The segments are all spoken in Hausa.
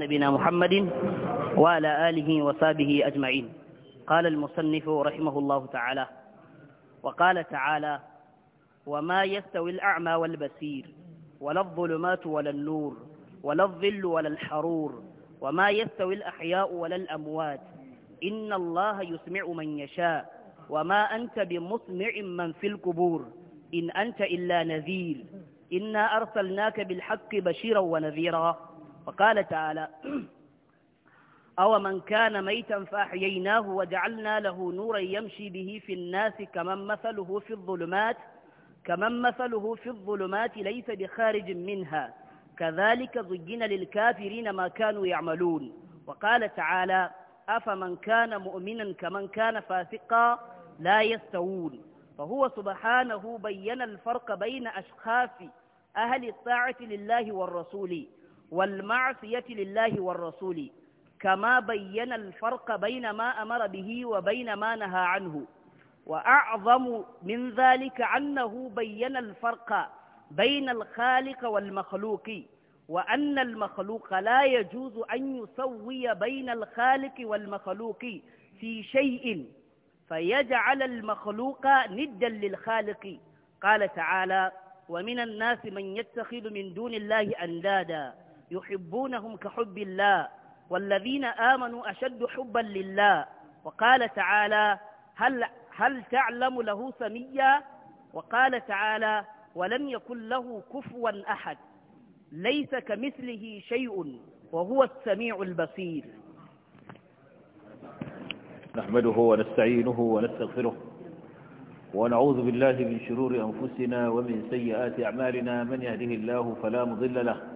نبينا محمد وعلى آله وصحبه أجمعين قال المصنف رحمه الله تعالى وقال تعالى وما يستوي الأعمى والبصير ولا الظلمات ولا النور ولا الظل ولا الحرور وما يستوي الأحياء ولا الأموات إن الله يسمع من يشاء وما أنت بمسمع من في القبور إن أنت إلا نذير إنا أرسلناك بالحق بشيرا ونذيرا وقال تعالى أو من كان ميتا فأحييناه وجعلنا له نورا يمشي به في الناس كمن مثله في الظلمات كمن مثله في الظلمات ليس بخارج منها كذلك زجن للكافرين ما كانوا يعملون وقال تعالى أفمن كان مؤمنا كمن كان فاسقا لا يستوون فهو سبحانه بين الفرق بين أشخاص أهل الطاعة لله والرسول والمعصية لله والرسول كما بين الفرق بين ما أمر به وبين ما نهى عنه وأعظم من ذلك أنه بين الفرق بين الخالق والمخلوق وأن المخلوق لا يجوز أن يسوي بين الخالق والمخلوق في شيء فيجعل المخلوق ندا للخالق قال تعالى ومن الناس من يتخذ من دون الله أندادا يحبونهم كحب الله والذين آمنوا أشد حبا لله وقال تعالى هل, هل تعلم له سميا وقال تعالى ولم يكن له كفوا أحد ليس كمثله شيء وهو السميع البصير نحمده ونستعينه ونستغفره ونعوذ بالله من شرور أنفسنا ومن سيئات أعمالنا من يهده الله فلا مضل له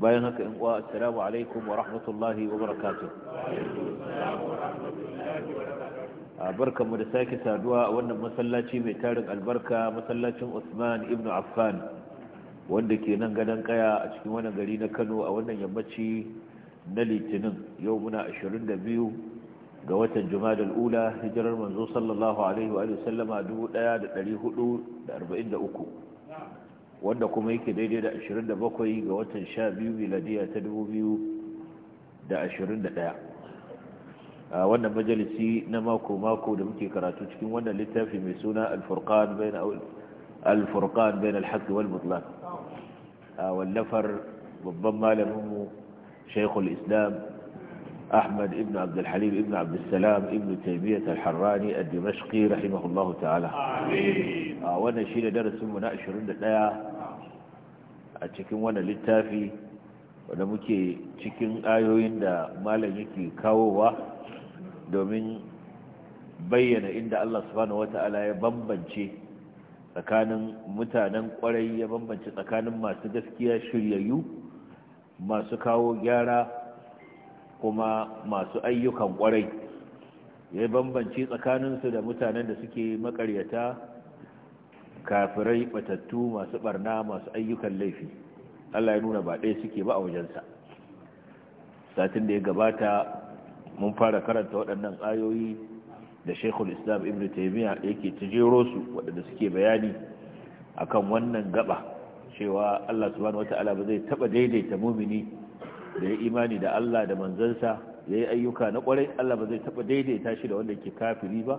bayan haka in uwa assalamu alaikum wa rahmatullahi wa barakatuh barkanmu da sake saduwa a wannan masallaci mai tarin albarka masallacin Usman ibn Affan wanda ke nan gadon kaya a cikin wannan gari na Kano a wannan yammaci na Litinin yau muna 22 ga watan juma'a al-Ula hijirar manzo sallallahu alaihi wa sallama 1443 wanda kuma yake daidai da 27 ga watan 12 miladiya ta 2021 wannan majalisi na mako-mako da muke karatu cikin wannan littafi mai suna alfurkan bayan alfurkan bayan alhaki wal mutlan a wallafar babban malaminmu shaikul islam أحمد ابن عبد الحليم ابن عبد السلام ابن تيمية الحراني الدمشقي رحمه الله تعالى آمين وانا شيل درس من أشهر لله a cikin wani littafi wanda muke cikin ayoyin da malam yake kawowa domin bayyana inda Allah subhanahu wata'ala ya bambance tsakanin mutanen kwarai ya bambance tsakanin masu gaskiya shiryayyu masu kawo gyara kuma masu ayyukan kwarai ya bambance tsakaninsu da mutanen da suke makaryata kafirai batattu masu barna masu ayyukan laifi Allah ya nuna ba ɗaya suke ba a wajensa satin da ya gabata mun fara karanta waɗannan ayoyi da shekul islam ibn taimiyya yake tijero su waɗanda suke bayani akan wannan gaba cewa Allah subhanahu wata'ala ba zai taɓa daidaita mumini da ya imani da Allah da manzansa ya yi ayyuka na ƙwarai Allah ba zai taɓa daidaita shi da wanda ke kafiri ba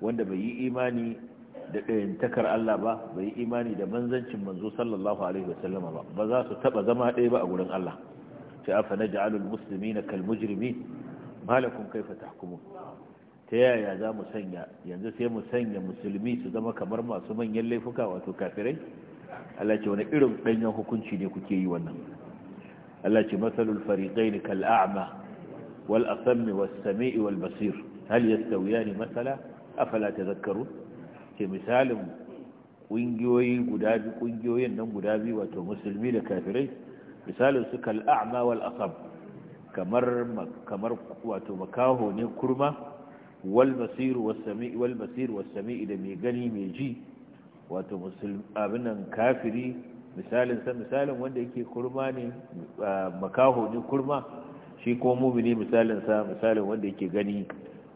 wanda bai yi imani da ɗayantakar Allah ba bai imani da manzancin manzo sallallahu alaihi wasallama ba ba za su taɓa zama ɗaya ba a gurin Allah ta afa na ja'alul musulmi na kalmujirmi malakun kaifa tahkumun ta yaya za mu sanya yanzu sai mu sanya musulmi su zama kamar masu manyan laifuka wato kafirai Allah ce wani irin ɗanyen hukunci ne kuke yi wannan Allah ce masalul fariqaini kal a'ma wal asammi was sami'i wal basir hal ne masala afala tadhakkarun ce misalin kungiyoyi guda biyu kungiyoyin nan guda biyu wato musulmi da kafirai misalin su kal'a'ma wal asab kamar kamar wato makaho ne kurma wal basir was sami wal basir was sami da mai gani mai ji wato musulmi abinan kafiri misalin sa misalin wanda yake kurma ne makaho ne kurma shi ko mumini misalin sa misalin wanda yake gani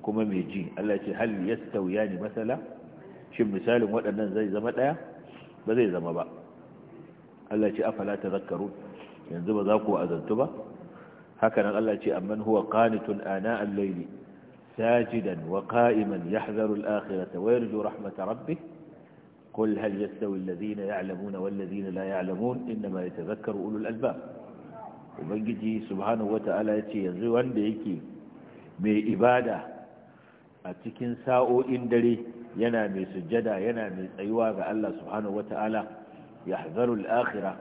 kuma mai ji Allah ce hal yastawiya ne masala shin misalin waɗannan zai zama ɗaya ba zai zama ba Allah ce afala tazakkarun yanzu ba za ku azantu ba haka nan Allah ce amman huwa qanitun ana al-layli sajidan wa qa'iman yahzaru al-akhirata wa yarju rahmata rabbih qul hal yastawi alladhina ya'lamuna wal ladhina la ya'lamun inma yatadhakkaru ulul albab ubangiji subhanahu wata'ala yace yanzu wanda yake mai ibada a cikin sa'o'in dare yana mai sujjada yana mai tsayuwa ga Allah subhanahu wata'ala yahzaru al akhira,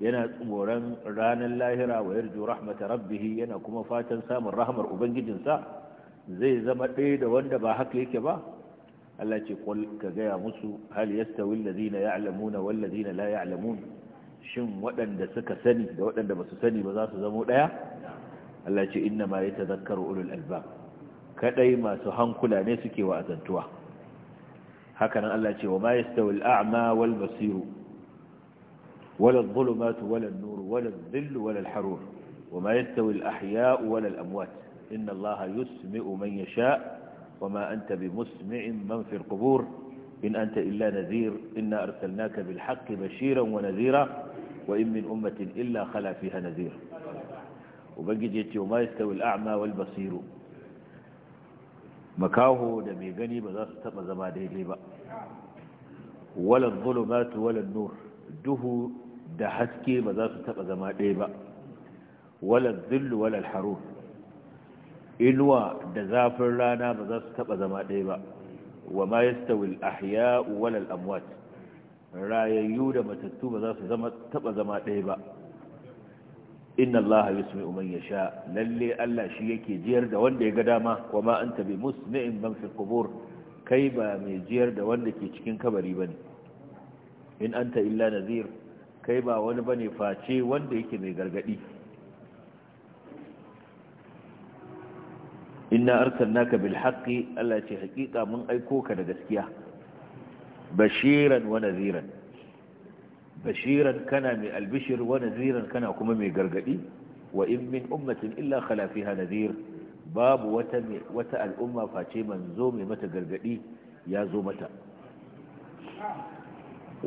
yana tsoron ranar lahira wa yarju rahmata Rabbihi, yana kuma fatan samun rahmar ubangijinsa zai zama ɗaya da wanda ba haka yake ba Allah ce qul ka gaya musu hal yastawi alladhina ya'lamuna wal ladina la ya'lamun shin waɗanda suka sani da waɗanda ba su sani ba za su zamo ɗaya Allah ce inna ma yatadhakkaru ulul albab kadai masu hankula ne suke wa'azantuwa hakanan Allah ce wa ma yastawi al-a'ma wal basir wala adh-dhulumatu wala an-nur wala adh-dhillu wala al-harur wa ma yastawi al-ahya'u wala al-amwat inna Allah yusmi'u man yasha' wa ma anta bimusmi'in man fi al-qubur in anta illa nadhir inna arsalnaka bil haqqi bashiran wa nadhira wa in min ummatin illa khala fiha nadhir ubangije ce wa ma yastawi al-a'ma wal basir makaho da mai gani ba za su taba zama daidai ba walan zulumatu walan nur duhu da haske ba za su taba zama ɗaya ba Walar zillu walar haru inuwa da zafin rana ba za su taba zama ɗaya ba wa ma yastawi al-ahya wal amwat rayayyu da matattu ba za su taba zama ɗaya ba inna Allah yusmi'u man yasha lalle Allah shi yake jiyar da wanda ya ga dama wama anta bi musmi'in man qubur kai ba mai jiyar da wanda ke cikin kabari bane in anta illa nazir kai ba wani bane face wanda yake mai gargadi inna arsalnaka bil haqqi Allah ce hakika mun aiko ka da gaskiya bashiran wa nadhiran bashiran kana mai albishir wa naziran kana kuma mai gargadi wa in min ummatin illa khala fiha babu wata wata al'umma face manzo mai mata gargadi ya zo mata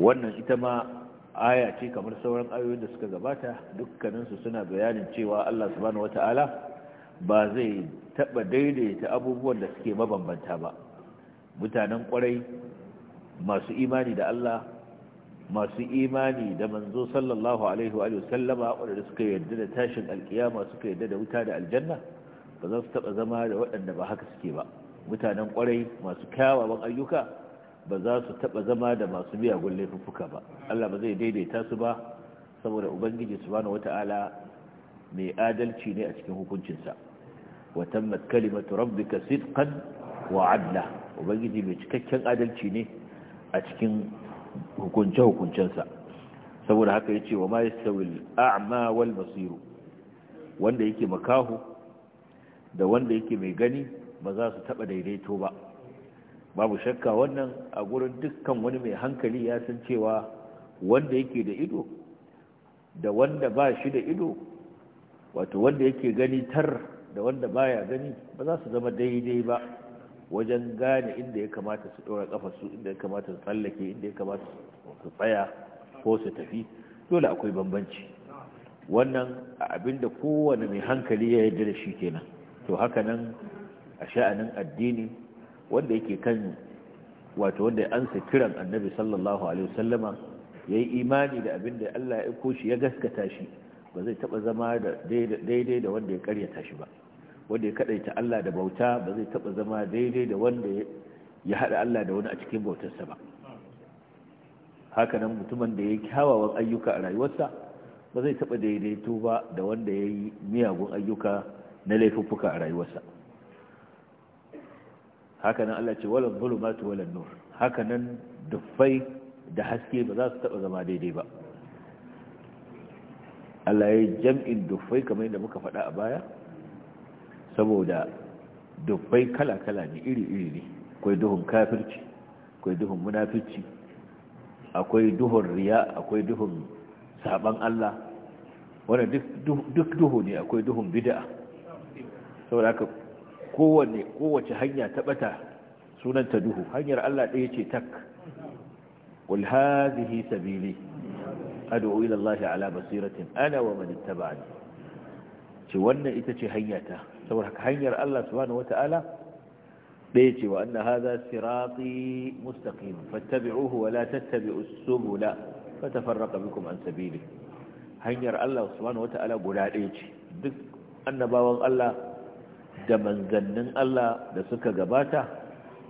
wannan ita ma aya ce kamar sauran ayoyin da suka gabata dukkaninsu suna bayanin cewa Allah subhanahu wata'ala ba zai taba daidaita abubuwan da suke mabambanta ba mutanen kwarai masu imani da Allah masu imani da manzo sallallahu alaihi wa sallama wadanda suka yarda da tashin alkiyama suka yarda da wuta da aljanna ba za su taɓa zama da waɗanda ba haka suke ba mutanen ƙwarai masu kyawawan ayyuka ba za su taba zama da masu miyagun laifuffuka ba Allah ba zai daidaita su ba saboda ubangiji wata wata'ala mai adalci ne a cikin hukuncinsa watan tammat kalimatu rabbika sidqan wa adla ubangiji mai cikakken adalci ne a cikin hukunce-hukuncensa saboda haka ya ce wa ma yastawil a'ma wal basiru wanda yake makahu da wanda yake mai gani ba za su taba daidaito ba babu shakka wannan a gurin dukkan wani mai hankali ya san cewa wanda yake da ido da wanda ba shi da ido wato wanda yake gani tar da wanda baya gani ba za su zama daidai ba wajen gane inda ya kamata su ɗora ƙafarsu inda ya kamata su tsallake inda ya kamata su tsaya ko su tafi dole akwai bambanci wannan abinda kowane mai hankali ya yarda da shi kenan to haka nan a sha'anin addini wanda yake kan wato wanda ya ansa kiran annabi sallallahu alaihi wasallama ya yi imani da abin da Allah ya aiko shi ya gaskata shi ba zai taɓa zama daidai da wanda ya karyata shi ba wanda ya kaɗaita Allah da bauta ba zai taɓa zama daidai da wanda ya haɗa Allah da wani a cikin bautarsa ba haka nan mutumin da ya yi kyawawan ayyuka a rayuwarsa ba zai taɓa daidaito ba da wanda ya yi miyagun ayyuka na laifuffuka a rayuwarsa haka nan Allah ce wala matu wala nur haka nan da haske ba za su taɓa zama daidai ba Allah ya yi jam'in Duffai kamar yadda muka faɗa a baya saboda dubbai kala-kala ne iri-iri ne akwai duhun kafirci akwai duhun munafici akwai duhun riya akwai duhun saban Allah wanda duk duhu ne akwai duhun bid'a saboda haka kowanne kowace hanya ta bata sunanta duhu hanyar Allah ɗaya ce tak qul hadhihi sabili ad'u ila Allah ala basiratin ana wa man ce wannan ita ce hanyata saboda hanyar Allah subhanahu wata'ala ɗaya ce wa anna hadha sirati mustaqim fattabi'uhu wa la tattabi'us subula fatafarraqa bikum an sabili hanyar Allah subhanahu wata'ala guda ɗaya ce duk annabawan Allah da manzannin Allah da suka gabata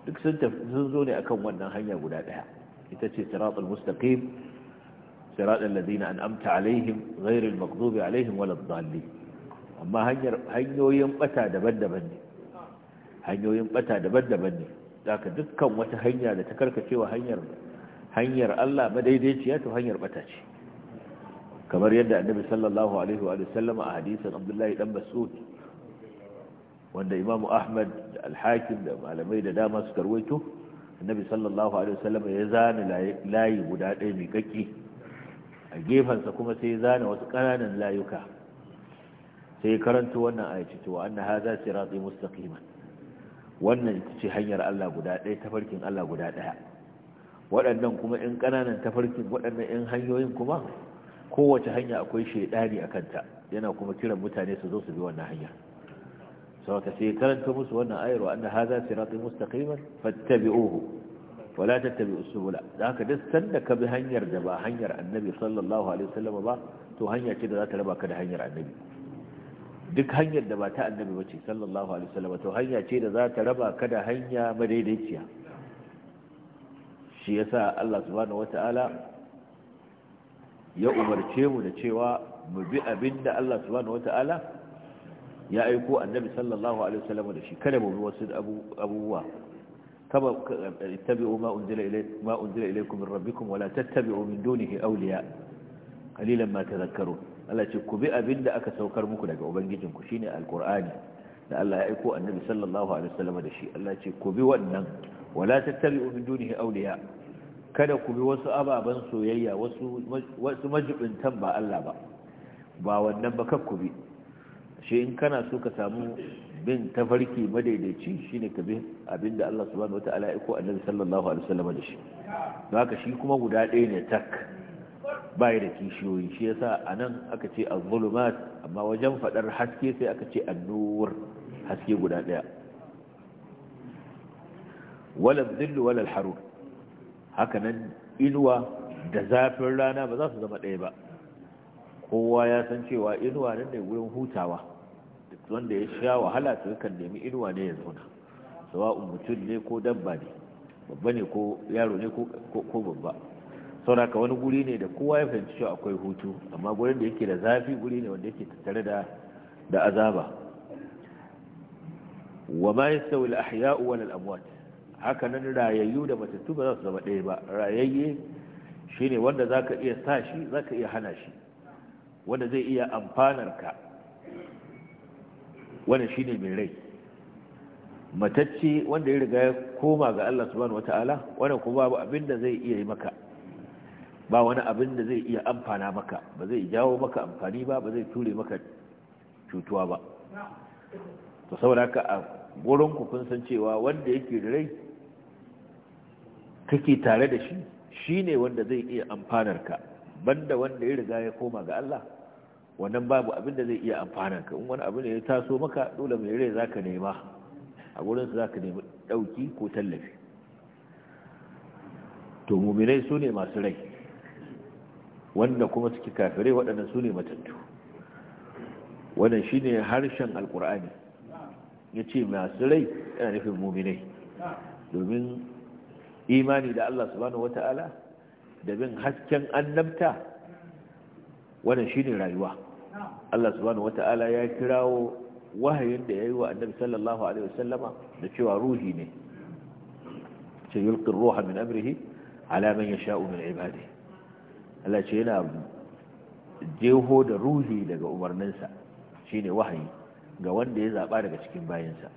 duk sun zo ne akan wannan hanya guda ɗaya ita ce siratul mustaqim siratul ladina an'amta alaihim ghairil maghdubi alaihim waladdallin amma hanyoyin bata daban-daban ne hanyoyin bata daban-daban ne daga dukkan wata hanya da ta karkacewa hanyar hanyar Allah madaidaiciya to hanyar bata ce kamar yadda annabi sallallahu alaihi wa sallam a hadisin Abdullahi dan Mas'ud wanda Imam Ahmad da Al-Hakim da malamai da dama suka rawaito annabi sallallahu alaihi wa sallam ya zana layi guda ɗaya mai kakki a gefansa kuma sai ya zana wasu ƙananan layuka sai karanto wannan ayati to anna hadha sirati mustaqiman wannan ita ce hanyar Allah guda ɗaya tafarkin Allah guda ɗaya waɗannan kuma in ƙananan tafarkin waɗannan in hanyoyin kuma kowace hanya akwai shaidani a kanta yana kuma kiran mutane su zo su bi wannan hanya sau ka sai karanta musu wannan ayar wa anna hadha siratal mustaqiman fattabi'uhu wa la tattabi'us subula da haka duk sanda ka bi hanyar da ba hanyar annabi sallallahu alaihi wasallam ba to hanya ce da za ta raba ka da hanyar annabi duk hanyar da ba ta annabi wace sallallahu alaihi wasallam to hanya ce da za ta raba ka da hanya madaidaiciya shi yasa Allah subhanahu wata'ala ya umarce mu da cewa mu bi abinda Allah subhanahu wata'ala ya aiko annabi sallallahu alaihi wasallam da shi kada mu bi wasu abubuwa kama tabi'u ma unzila ilaykum ma unzila ilaykum min rabbikum wala tattabi'u min dunihi awliya qalilan ma tadhakkarun Allah ce ku bi abin da aka saukar muku daga ubangijinku shine alqur'ani da Allah ya aiko annabi sallallahu alaihi wasallam da shi Allah ce ku bi wannan wala tattabi'u min dunihi awliya kada ku bi wasu ababan soyayya wasu wasu majibintan ba Allah ba ba wannan ba ku bi shi in kana so ka samu bin tafarki madaidaici shine ka bi abin da Allah subhanahu wataala ya aiko annabi sallallahu alaihi wasallam da shi haka shi kuma guda ɗaya ne tak bai da kishiyoyi shi yasa anan aka ce az-zulumat amma wajen fadar haske sai aka ce an haske guda daya wala dhillu wala al-harur haka nan inuwa da zafin rana ba za su zama daya ba kowa ya san cewa inuwa nan ne wurin hutawa duk wanda ya sha wahala to kan nemi inuwa ne ya zauna sawa'un mutum ne ko dabba ne babba ne ko yaro ne ko babba sauraka wani guri ne da kowa ya fahimci cewa akwai hutu amma gurin da yake da zafi guri ne wanda yake tattare da da azaba wa ma yastawi al-ahya'u wal amwat haka nan rayayyu da matattu ba za su zama ɗaya ba rayayye shine wanda zaka iya sa shi zaka iya hana shi wanda zai iya amfanar ka wanda shine mai rai matacce wanda ya riga ya koma ga Allah subhanahu wataala wanda kuma babu abinda zai iya yi maka ba wani abin da zai iya amfana maka ba zai jawo maka amfani ba ba zai ture maka cutuwa ba to saboda haka a gurin ku kun san cewa wanda yake da rai kake tare da shi shine wanda zai iya amfanar ka banda wanda ya riga ya koma ga Allah wannan babu abin da zai iya amfanar ka in wani abu ne ya taso maka dole mai rai zaka nema a gurin su zaka nemi dauki ko tallafi to muminai su ne masu rai wanda kuma suke kafirai waɗannan su ne matattu wannan shi ne harshen alkur'ani ya ce masu rai yana nufin muminai domin imani da Allah subhanahu da bin hasken annabta wannan shi ne rayuwa Allah subhanahu ya kirawo wahayin da ya yi wa annabi sallallahu alaihi wasallama da cewa ruhi ne ce yulkin ruha min amrihi ala man yasha'u min ibadihi Allah ce yana jeho da ruhi daga umarninsa shine wahayi ga wanda ya zaɓa daga cikin bayansa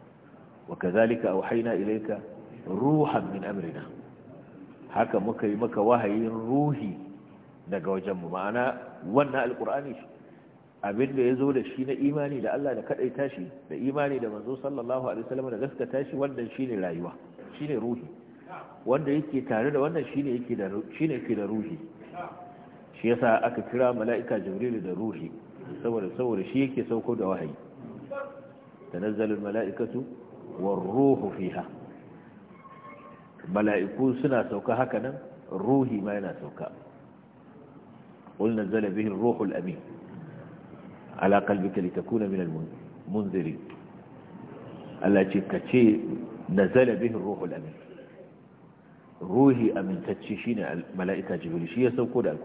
wa kazalika na ilaika ruhan min amrina haka muka yi maka wahayin ruhi daga wajenmu ma'ana wannan alkur'ani abin da ya zo da shi na imani da Allah da kadai tashi da imani da manzo sallallahu alaihi wasallam da gaskata tashi wannan shine rayuwa shine ruhi wanda yake tare da wannan shine yake da shine yake da ruhi shi yasa aka kira mala'ika jibrilu da ruhi saboda saboda shi yake sauko da wahayi tanazzalul mala'ikatu war ruhu fiha mala'iku suna sauka hakanan ruhi ma yana sauka qul nazzala bihi ar-ruhul amin ala qalbika litakuna min al Allah ce ka ce nazala bihi ar-ruhul amin ruhi amintacce shine mala'ika jibril shi ya sauko da al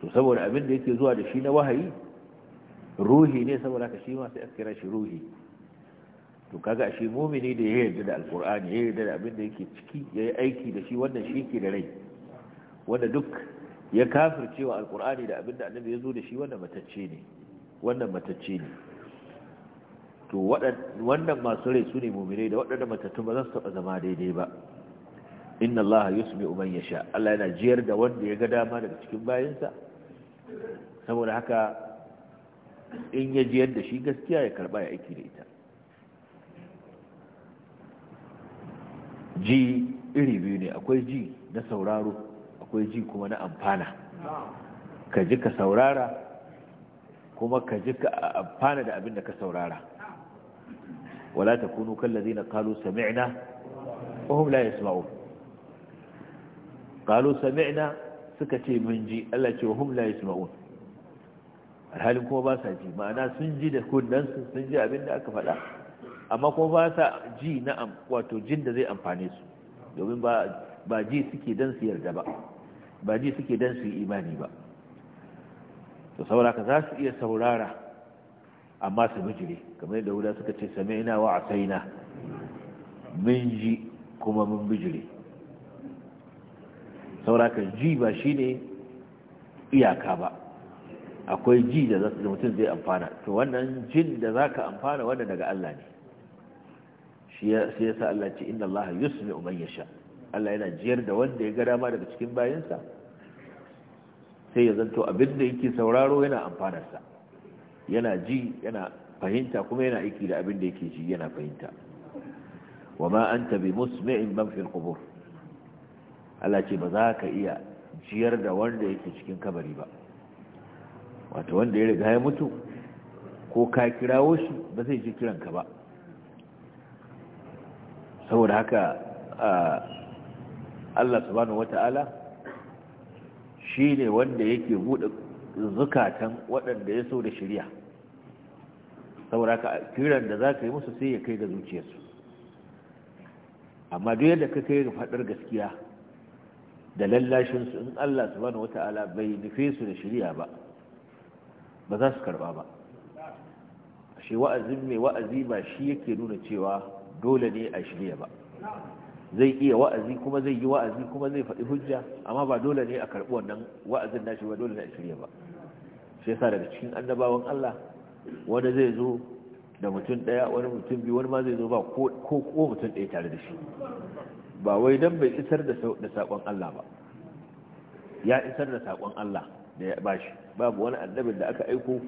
to saboda abin da yake zuwa da shi na wahayi ruhi ne saboda ka shi masu yaskira shi ruhi to kaga shi mumini da ya yarda da alkur'ani ya yarda da abin da yake ciki ya yi aiki da shi wannan shi ke da rai wanda duk ya kafir cewa alkur'ani da abin da annabi ya zo da shi wannan matacce ne wannan matacce ne to wannan masu rai su ne mumini da wadanda matattun ba za su taɓa zama daidai ba inna allaha yusmi'u man yasha Allah yana jiyar da wanda ya ga dama daga cikin bayinsa saboda haka in ya ji yadda shi gaskiya ya karba ya aiki da ita ji iri biyu ne akwai ji na sauraro akwai ji kuma na amfana ka ji ka saurara kuma ka ji ka amfana da abin da ka saurara wala takunu kallazina qalu sami'na wa hum la yasma'un suka ce mun ji جي ألا تيوهم لا يسمعون alhalin kuma ba sa ji ma'ana sun ji da kunnansu sun ji abin da aka faɗa amma kuma ba sa ji na wato jin da zai amfane su domin ba ji suke don su yarda ba ba ji suke don su yi imani ba to sauraka za su iya saurara amma su bijire kamar yadda wuda suka ce same ina wa na mun ji kuma mun bijire sauraka ji ba shine iyaka ba akwai ji da mutum zai amfana to wannan jin da zaka amfana wanda daga Allah ne shi sa Allah ce inna Allah yusmi'u man yasha Allah yana jiyar da wanda ya ga dama daga cikin bayansa sai ya zanto abin da yake sauraro yana amfanarsa yana ji yana fahimta kuma yana aiki da abin da yake ji yana fahimta wa ma anta bi musmi'in man fil qubur Allah ce ba za ka iya jiyar da wanda yake cikin kabari ba wato wanda ya riga ya mutu ko ka kirawo shi ba zai ji kiranka ba saboda haka Allah subhanahu wata'ala shi ne wanda yake buɗe zukatan waɗanda ya so da shirya saboda haka kiran da za ka yi musu sai ya kai ga zuciyarsu amma duk yadda ka kai ga faɗar gaskiya da lallashinsu in Allah subhanahu wata'ala bai nufe su da shirya ba ba za su karba ba shi wa'azin mai wa'azi ba shi yake nuna cewa dole ne a shirya ba zai iya wa'azi kuma zai yi wa'azi kuma zai faɗi hujja amma ba dole ne a karɓi wannan wa'azin nashi ba dole ne a shirya ba shi yasa daga cikin annabawan Allah wanda zai zo da mutum ɗaya wani mutum biyu wani ma zai zo ba ko ko mutum ɗaya tare da shi ba wai dan bai isar da saƙon Allah ba ya isar da saƙon Allah da ya bashi babu wani annabin da aka aiko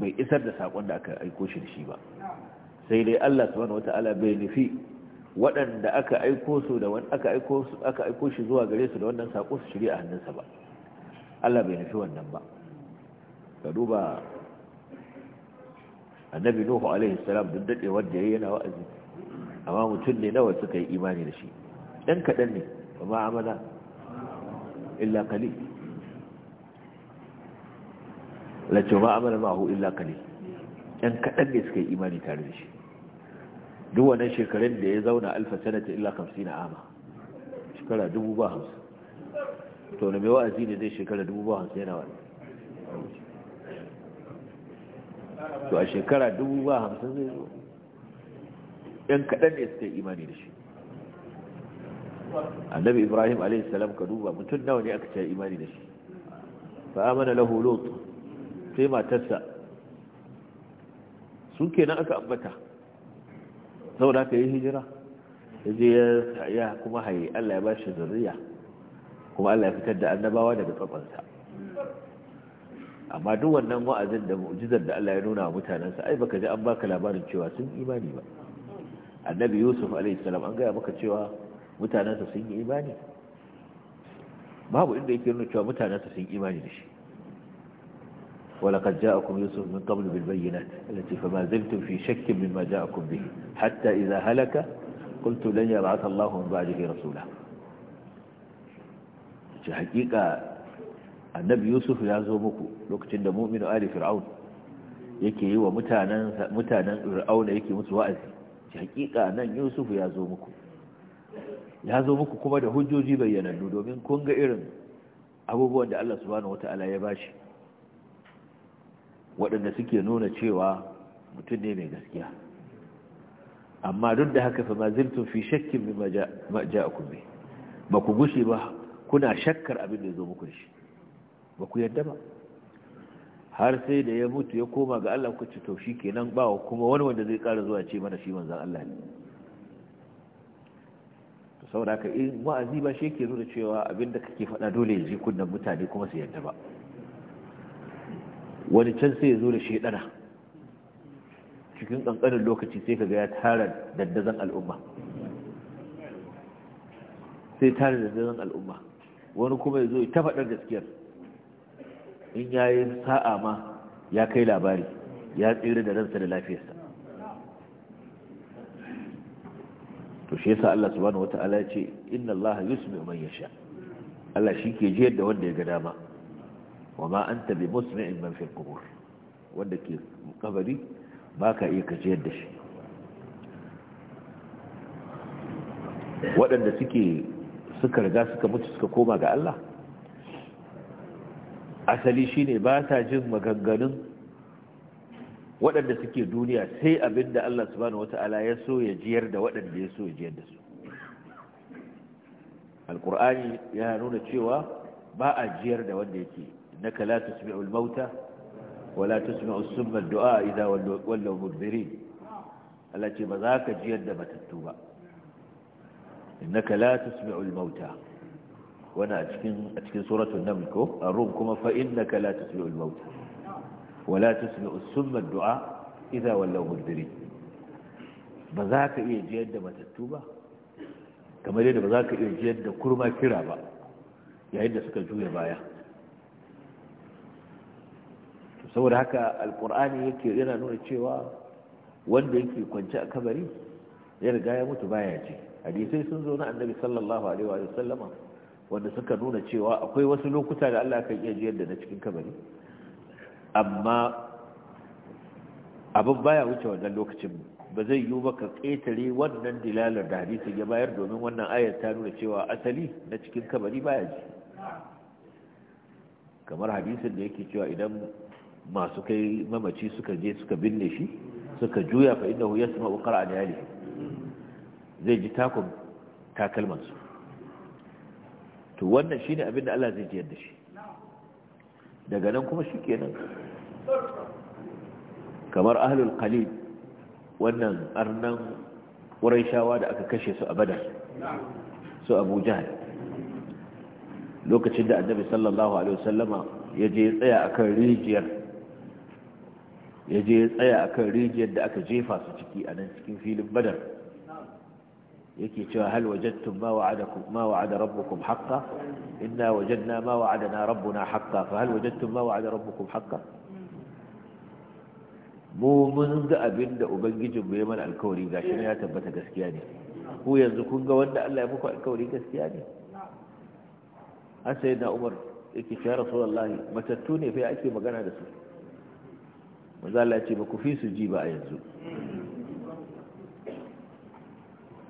bai isar da sakon da aka aiko shi da shi ba sai dai Allah subhanahu wata'ala bai nufi waɗanda aka aiko su da wani aka aiko su aka aiko shi zuwa gare su da wannan sako su shirya a hannunsa ba Allah bai nufi wannan ba ka duba annabi nuhu alaihi salam duk daɗe wanda yayi yana wa'azi amma mutum ne nawa suka yi imani da shi dan kadan ne ba amana illa qalil la ce ma illa yan kadan ne suka yi imani tare da shi duk wannan shekarun da ya zauna alfa sanata illa 50 ama shekara to ne mai wa'azi ne zai shekara yana wani to a shekara zai zo yan kadan ne suka yi imani da shi annabi ibrahim a.s. ka duba mutum nawa ne aka ce imani da shi fa amana lahu lutu sai matarsa su kenan aka ambata da ka yi hijira ya je ya kuma haye Allah ya ba shi zurriya kuma Allah ya fitar da annabawa daga tsakonsa amma duk wannan wa'azin da mu'jizar da Allah ya nuna wa mutanensa ai baka ji an baka labarin cewa sun imani ba annabi yusuf alaihi an gaya maka cewa mutanensa sun yi imani babu inda yake nuna cewa mutanensa sun imani da shi ولقد جاءكم يوسف من قبل بالبينات التي فما زلتم في شك مما جاءكم به حتى إذا هلك قلت لن يبعث الله من بعده رسولا حقيقة annabi yusuf ya zo muku lokacin da mumin ali fir'aun yake yi wa mutanen Fir'auna da yake musu wa'azi shi hakika nan yusuf ya zo muku ya zo muku kuma da hujjoji bayyanannu domin kun irin abubuwan da Allah subhanahu wata'ala ya bashi waɗanda suke nuna cewa mutum ne mai gaskiya amma duk da haka fama ma fi shakkin mimma ja'akum bi ba ku gushi ba kuna shakkar abin da zo muku shi ba ku yadda ba har sai da ya mutu ya koma ga Allah ku ci shi kenan ba wa kuma wani wanda zai kara zuwa ce mana shi manzon Allah ne saboda haka in wa'azi ba shi yake nuna cewa abin da kake faɗa dole ya ji kunnan mutane kuma su yadda ba wani can sai ya zo da shaidana cikin kankanin lokaci sai ka gaya tara daddazan al'umma sai tara daddazan al'umma wani kuma ya zo ya ta faɗar gaskiyar in ya yi sa'a ma ya kai labari ya tsira da ransa da lafiyarsa to shi yasa Allah subhanahu wata'ala ya ce inna Allah yusmi man yasha Allah shi ke jiyar da wanda ya ga dama wa ma anta bi musmi'in man fil qubur wanda ke kabari baka iya kajiyar yadda shi waɗanda suke suka riga suka mutu suka koma ga Allah asali shine ba ta jin maganganun waɗanda suke duniya sai abin da Allah subhanahu wata'ala ya so ya jiyar da waɗanda ya so ya jiyar da su alƙur'ani ya nuna cewa ba a jiyar da wanda yake إنك لا تسمع الموتى ولا تسمع السم الدعاء إذا ولوا مدبرين التي بذاك جيد متتوبة إنك لا تسمع الموتى وانا أتكين, أتكين سورة النملكو الرومكم فإنك لا تسمع الموتى ولا تسمع السم الدعاء إذا ولوا مدبرين بذاك إيه جيد متتوبة كما يريد بذاك إيه جيد كرما كرابا يعني سكجوه بايا saboda haka alkur'ani yake yana nuna cewa wanda yake kwance a kabari ya riga ya mutu baya ce hadisai sun zo na annabi sallallahu alaihi wa sallama wanda suka nuna cewa akwai wasu lokuta da Allah kan iya jiyar da na cikin kabari amma abin baya wuce wannan lokacin ba zai yiwu ba ka ƙetare wannan dilalar da hadisin ya bayar domin wannan ayar ta nuna cewa asali na cikin kabari baya ji kamar hadisin da yake cewa idan masu kai mamaci suka je suka binne shi suka juya fa innahu yasma'u a nihali zai ji takon takalman to wannan shi abin da Allah zai ji yadda shi daga nan kuma shi kenan. kamar ahlul khalil wannan arnan shawa da aka kashe su a su abu jihar lokacin da annabi sallallahu alaihi wasallama ya je tsaya akan rijiyar ya je ya tsaya a kan rijiyar da aka jefa su ciki a nan cikin filin badar yake cewa hal wajadtum ma wa'adakum ma wa'ada rabbukum haqqan inna wajadna ma wa'adana rabbuna haqqan fa hal wajadtum ma wa'ada rabbukum haqqan mu mun ga abin da ubangijin mu ya mana alkawari gashi ne ya tabbata gaskiya ne ku yanzu kun ga wanda Allah ya muku alkawari gaskiya ne an sai na Umar yake cewa Rasulullahi matattu ne fa ake magana da su mazala ce ba ku fi su ji ba a yanzu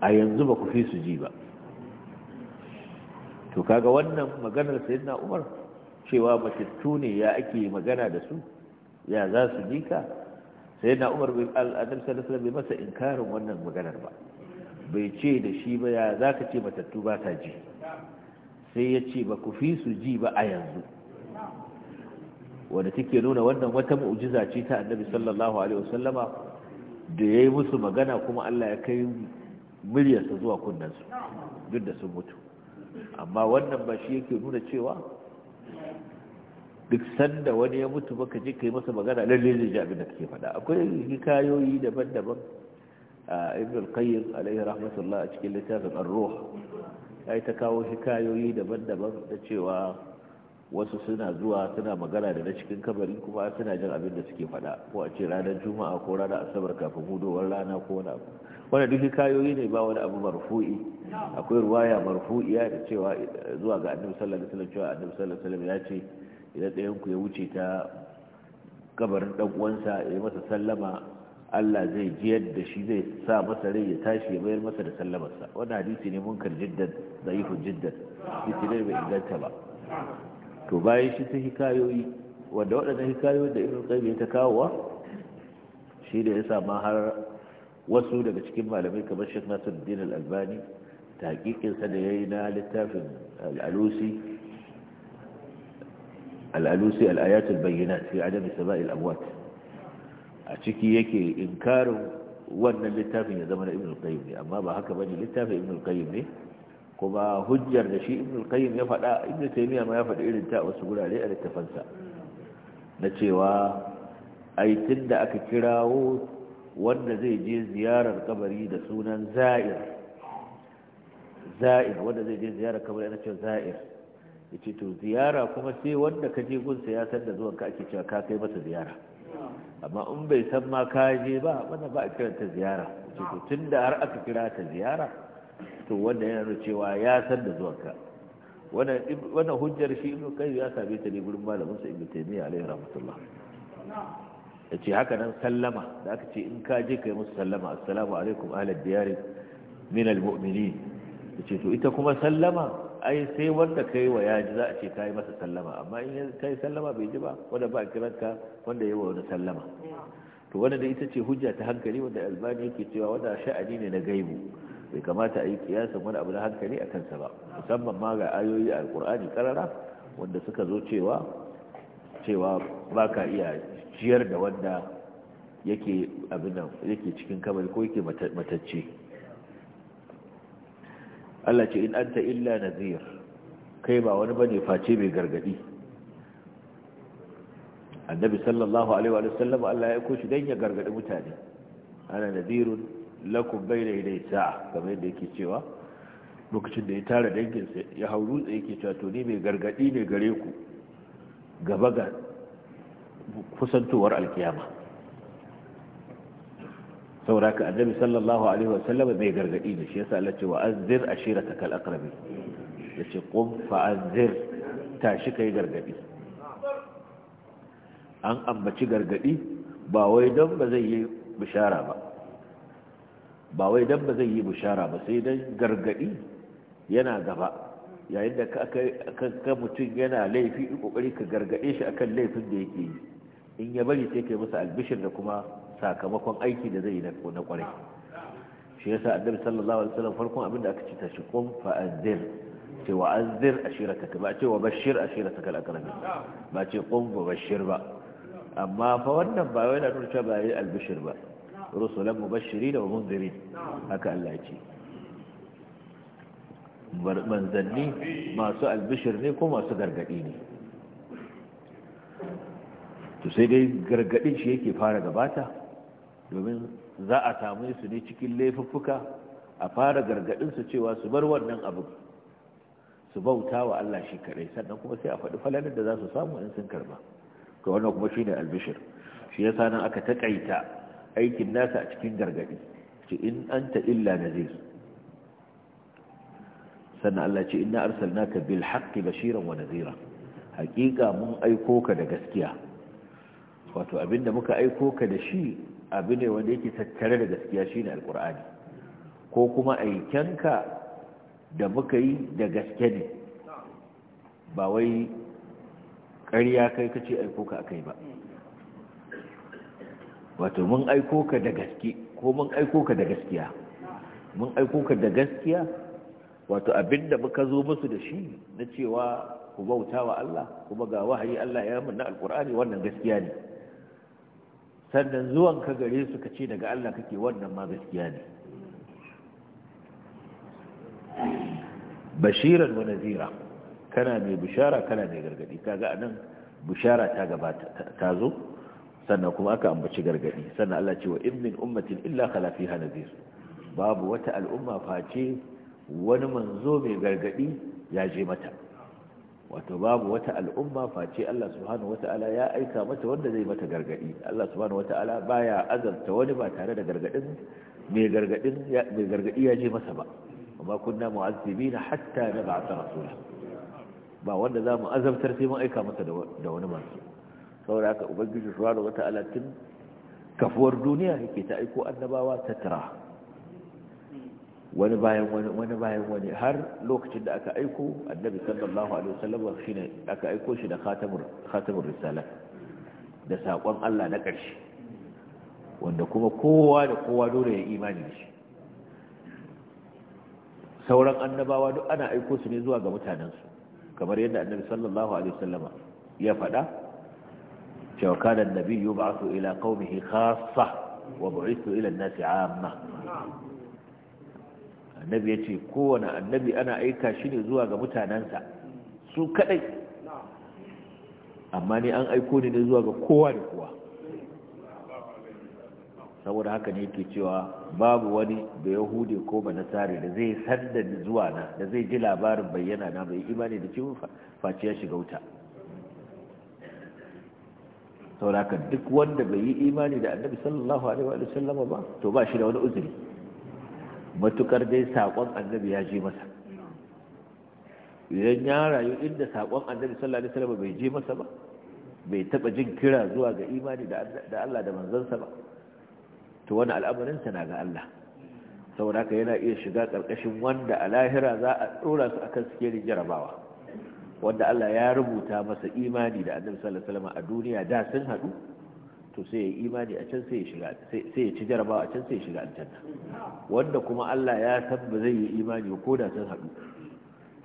a yanzu ba ku fi su ji ba to kaga wannan maganar sayyidina umar cewa matattu ne ya ake magana da su ya za su ji ka sayyidina umar bin al-adil masa inkarin wannan maganar ba bai ce da shi ba ya zaka ce matattu ba ta ji sai ya ce ba ku fi su ji ba a yanzu wanda take nuna wannan wata mu'jiza ce ta annabi sallallahu alaihi wasallama da yayi musu magana kuma Allah ya kai muryarsa zuwa su duk da sun mutu amma wannan ba shi yake nuna cewa duk sanda wani ya mutu baka je kai masa magana lalle zai ji abin da kake faɗa akwai hikayoyi daban-daban a ibn al-qayyim alaihi rahmatullah a cikin littafin ar-ruh ai ta kawo hikayoyi daban-daban da cewa wasu suna zuwa suna magana da na cikin kabari kuma suna jin abin da suke faɗa ko a ce ranar juma'a ko ranar asabar kafin hudowar rana ko wani abu wani duk kayoyi ne ba wani abu marfu'i akwai ruwaya marfu'iya da cewa zuwa ga annabi sallallahu alaihi wasallam cewa annabi sallallahu alaihi wasallam ya ce idan ɗayan ku ya wuce ta kabarin dan uwansa ya yi masa sallama Allah zai jiyar da shi zai sa masa rai ya tashi ya bayar masa da sallamarsa wannan hadisi ne munkar jiddan zaifin jiddan hadisi ne bai inganta ba to bayan shi ta hikayoyi wanda waɗannan hikayoyi da irin qayyim ta kawowa shi da ya sama har wasu daga cikin malamai kamar shi Nasiruddin Al-Albani ta sa da yayi na littafin al'alusi, al'ayatul bayyana, fi Adam Saba'i al a ciki yake inkarin wannan littafin ya zama na Ibn Qayyim ne amma ba haka bane littafin Ibn Qayyim ne kuma hujjar da shi ibn qayyim ya faɗa ibn taymiya ma ya faɗi irin ta wasu gurare a littafansa na cewa ai tunda aka kirawo wanda zai je ziyarar kabari da sunan za'ir za'ir wanda zai je ziyarar kabari ana cewa za'ir yace to ziyara kuma sai wanda ka je gunsa ya san da zuwan ka ake cewa ka kai masa ziyara amma in bai san ma ka je ba wanda ba a kiranta ziyara yace to tunda har aka kira ta ziyara to wanda yana cewa ya san da zuwanka wannan hujjar shi ibn kai ya same ta ne gurin malamin sa ibn taymiya alaihi rahmatullah yace haka nan sallama da aka ce in ka je kai musu sallama assalamu alaikum ahlad diyar min Ya ce to ita kuma sallama ai sai wanda kai wa ya ji za a ce kai masa sallama amma in kai sallama bai ji ba wanda ba kiranka wanda yayi wa wani sallama to wanda ita ce hujja ta hankali wanda albani yake cewa wanda sha'ani ne na gaibu bai kamata a yi kiyasan wani abu na hankali a kansa ba musamman ma ga ayoyi a alkur'ani karara wanda suka zo cewa cewa ba ka iya ciyar da wanda yake abinan yake cikin kamar ko yake matacce Allah ce in anta illa nazir kai ba wani bane face mai gargadi annabi sallallahu alaihi wa sallam Allah ya koshi dan ya gargadi mutane ana nazirun. lakum bayna ilayhi sa'a kamar yadda yake cewa lokacin da ya tara danginsa ya hauru da yake cewa to ni mai gargadi ne gare ku gaba ga kusantowar alkiyama sauraka annabi sallallahu alaihi wasallam mai gargadi ne shi yasa Allah ce wa azzir ashirata kal aqrabi yace qum fa azzir tashi kai gargadi an ambaci gargadi ba wai don ba zai yi bishara ba ba wai dan ba zai yi bishara ba sai dan gargadi yana gaba yayin da ka mutum yana laifi kokari ka gargade shi akan laifin da yake yi in ya bari sai kai masa albishir da kuma sakamakon aiki da zai yi na kwarai shi yasa annabi sallallahu alaihi wasallam farkon abin da aka ce tashi qum fa anzir ce wa anzir ashirataka ba ce wa bashir ashirataka al ba ce qum wa bashir ba amma fa wannan ba wai na nuna ya ba yi albishir ba rusulan mubashiri da munziri haka Allah ce manzanni masu albishir ne ko masu gargadi ne to sai dai gargadin shi yake fara gabata domin za a samu su ne cikin laifuffuka a fara su cewa su bar wannan abu su bauta wa Allah shi kadai sannan kuma sai a faɗi falalar da za su samu in sun karba ga wannan kuma shine albishir shi yasa nan aka takaita aikin nasa a cikin gargadi ce in anta illa nazir sannan Allah ce inna arsalnaka bil haqqi bashiran wa nazira hakika mun aiko ka da gaskiya wato abinda muka aiko ka da shi abu ne wanda yake tattare da gaskiya shine alqur'ani ko kuma aikenka da muka yi da gaske ne ba wai ƙarya kai ce aiko ka yi ba wato mun aiko ka da gaske ko mun aiko ka da gaskiya mun aiko ka da gaskiya wato abinda muka zo musu da shi na cewa ku bauta wa Allah kuma ga wahayi Allah ya mun na Alqur'ani wannan gaskiya ne sannan zuwan ka gare su ka ce daga Allah kake wannan ma gaskiya ne bashiran wa nazira kana mai bishara kana mai gargadi kaga anan bishara ta gabata ta zo sannan kuma aka ambaci gargadi sannan Allah ce wa in ummatin illa khala fiha nadhir babu wata al'umma face wani manzo mai gargadi ya je mata wato babu wata al'umma face Allah subhanahu wata'ala ya aika mata wanda zai mata gargadi Allah subhanahu wata'ala baya azabta wani ba tare da gargadin mai gargadin mai gargadi ya je masa ba amma kunna mu'azzibina hatta nab'atha rasula ba wanda zamu azabtar sai mun aika masa da wani manzo saboda haka ubangiji subhanahu wata alatin kafuwar duniya yake ta aiko annabawa tattara wani bayan wani wani bayan wani har lokacin da aka aiko annabi sallallahu alaihi wasallam shine aka aiko shi da khatamur khatamur risala da sakon Allah na ƙarshe wanda kuma kowa da kowa dole ya imani da shi sauran annabawa duk ana aiko su ne zuwa ga mutanensu kamar yadda annabi sallallahu alaihi wasallama ya faɗa cewa da nabi yub'athu ila qaumihi khassa wa bu'ithu ila an-nasi 'amma annabi yace kowane annabi ana aika shi ne zuwa ga mutanansa su kadai amma ni an aiko ni ne zuwa ga kowa da kowa saboda haka ne yake cewa babu wani da yahudi ko na nasari da zai sanda zuwa na da zai ji labarin bayyana na bai imani da cewa face ya shiga wuta sauraka duk wanda bai yi imani da annabi sallallahu alaihi wa sallama ba to ba shi da wani uzuri matukar dai saƙon annabi ya je masa idan ya rayu inda saƙon annabi sallallahu alaihi wa sallama bai je masa ba bai taba jin kira zuwa ga imani da Allah da manzansa ba to wani al'amarin na ga Allah saboda yana iya shiga karkashin wanda a lahira za a dora su akan suke jarabawa wanda Allah ya rubuta masa imani da annabi sallallahu alaihi wasallam a duniya da sun hadu to sai ya yi imani a can sai ya shiga sai ya ci jarabawa a can sai ya shiga aljanna wanda kuma Allah ya san ba zai yi imani ko da sun hadu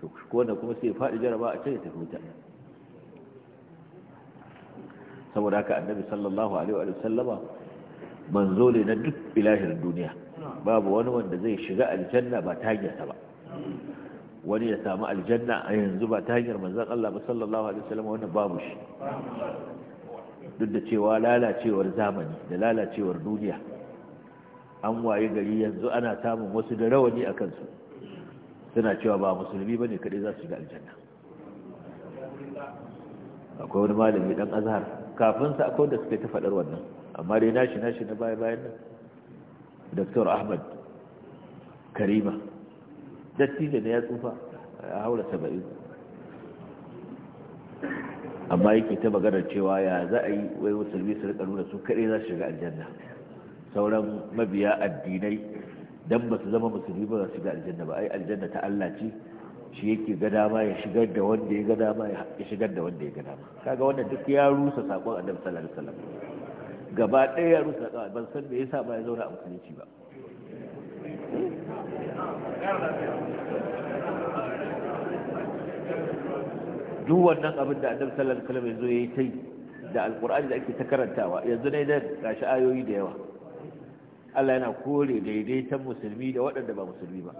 to ko da kuma sai ya faɗi jarabawa a can ya tafi wuta saboda haka annabi sallallahu alaihi wa sallama manzo ne na duk ilahin duniya babu wani wanda zai shiga aljanna ba ta hanyarsa ba wani ya samu aljanna a yanzu ba ta hanyar manzan Allah ba sallallahu alaihi wasallam wannan babu shi duk da cewa lalacewar zamani da lalacewar duniya an waye gari yanzu ana samun wasu da rawani a kansu suna cewa ba musulmi ba ne kaɗai za su ga aljanna akwai wani malami ɗan azhar kafin sa akwai da suka ta faɗar wannan amma dai nashi nashi na baya bayan nan dr ahmad karima dattijo da ya tsufa a haura saba'in amma yake ta maganar cewa ya za a yi wai musulmi su rika nuna su kaɗai za su shiga aljanna sauran mabiya addinai don ba su zama musulmi ba za su shiga aljanna ba ai aljanna ta Allah ce shi yake gada ma ya shigar da wanda ya gada ma ya shigar da wanda ya gada ma kaga wannan duk ya rusa sakon annabi sallallahu alaihi wasallam gaba ɗaya ya rusa sakon ban san me yasa ba ya zauna a musulunci ba duk wannan abin da annabi sallallahu alaihi wasallam yazo yayi tai da alqur'ani da ake ta karantawa yanzu ne da gashi ayoyi da yawa Allah yana kore daidaitan musulmi da waɗanda ba musulmi ba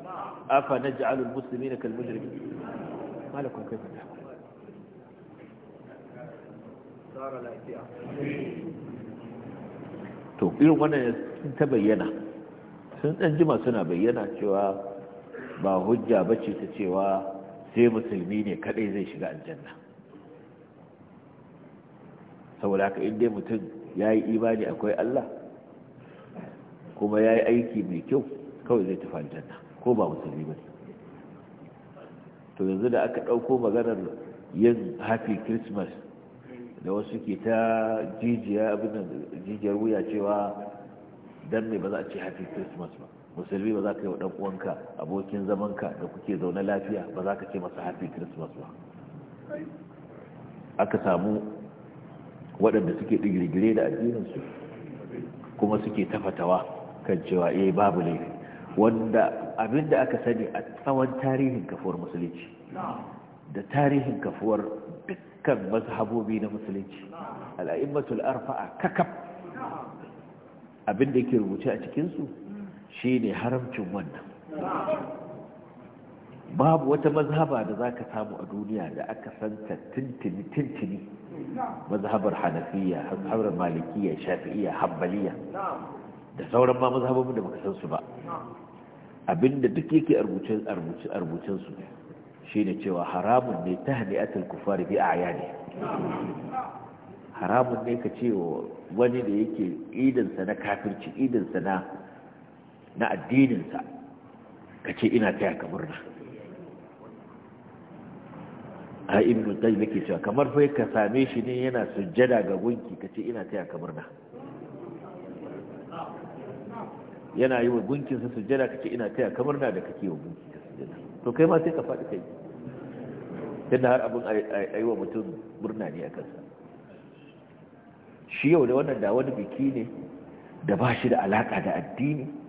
afa naj'alul muslimina kal mujrimin malakum kayfa tahkum Sara lafiya to irin wannan sun ta bayyana sun ɗan jima suna bayyana cewa ba hujja bace ta cewa sai musulmi ne kadai zai shiga aljanna saboda haka inda mutum ya yi imani akwai Allah kuma ya yi aiki mai kyau kawai zai tafi aljanna ko ba musulmi ba to yanzu da aka ɗauko maganar yin happy christmas da wasu ke ta jijiyar wuya cewa don ne ba za a ce happy christmas ba musulmi ba za ka yi wa ɗan'uwanka abokin zamanka da kuke zaune lafiya ba za ka ce masa happy christmas ba aka samu waɗanda suke digirgire da addininsu kuma suke tafatawa kan cewa eh babu laifi wanda abin da aka sani a tsawon tarihin kafuwar musulunci da tarihin kafuwar dukkan mazhabobi na musulunci al'a'immatul arfa'a kakaf abin da yake rubuce a cikinsu shi ne haramcin wannan babu wata mazhaba da za ka samu a duniya da aka santa tintini tintini mazhabar hanafiya mazhabar malikiya shafi'iya hambaliya da sauran ma mazhabobin da baka san su ba abinda duk yake a su shine cewa haramun ne ta kufar bi ayani haramun ne ka ce wani da yake idansa na kafirci idansa na na addininsa ka ce ina taya ka murna a ibn tayyib ke cewa kamar fa ka same shi ne yana sujjada ga gunki ka ce ina taya ka murna yana yi wa gunkin sa sujjada ka ce ina taya ka murna da kake wa gunki ka sujjada to kai ma sai ka faɗi kai tunda har abin ayi wa mutum murna ne a kansa shi yau da wannan da wani biki ne da ba shi da alaka da addini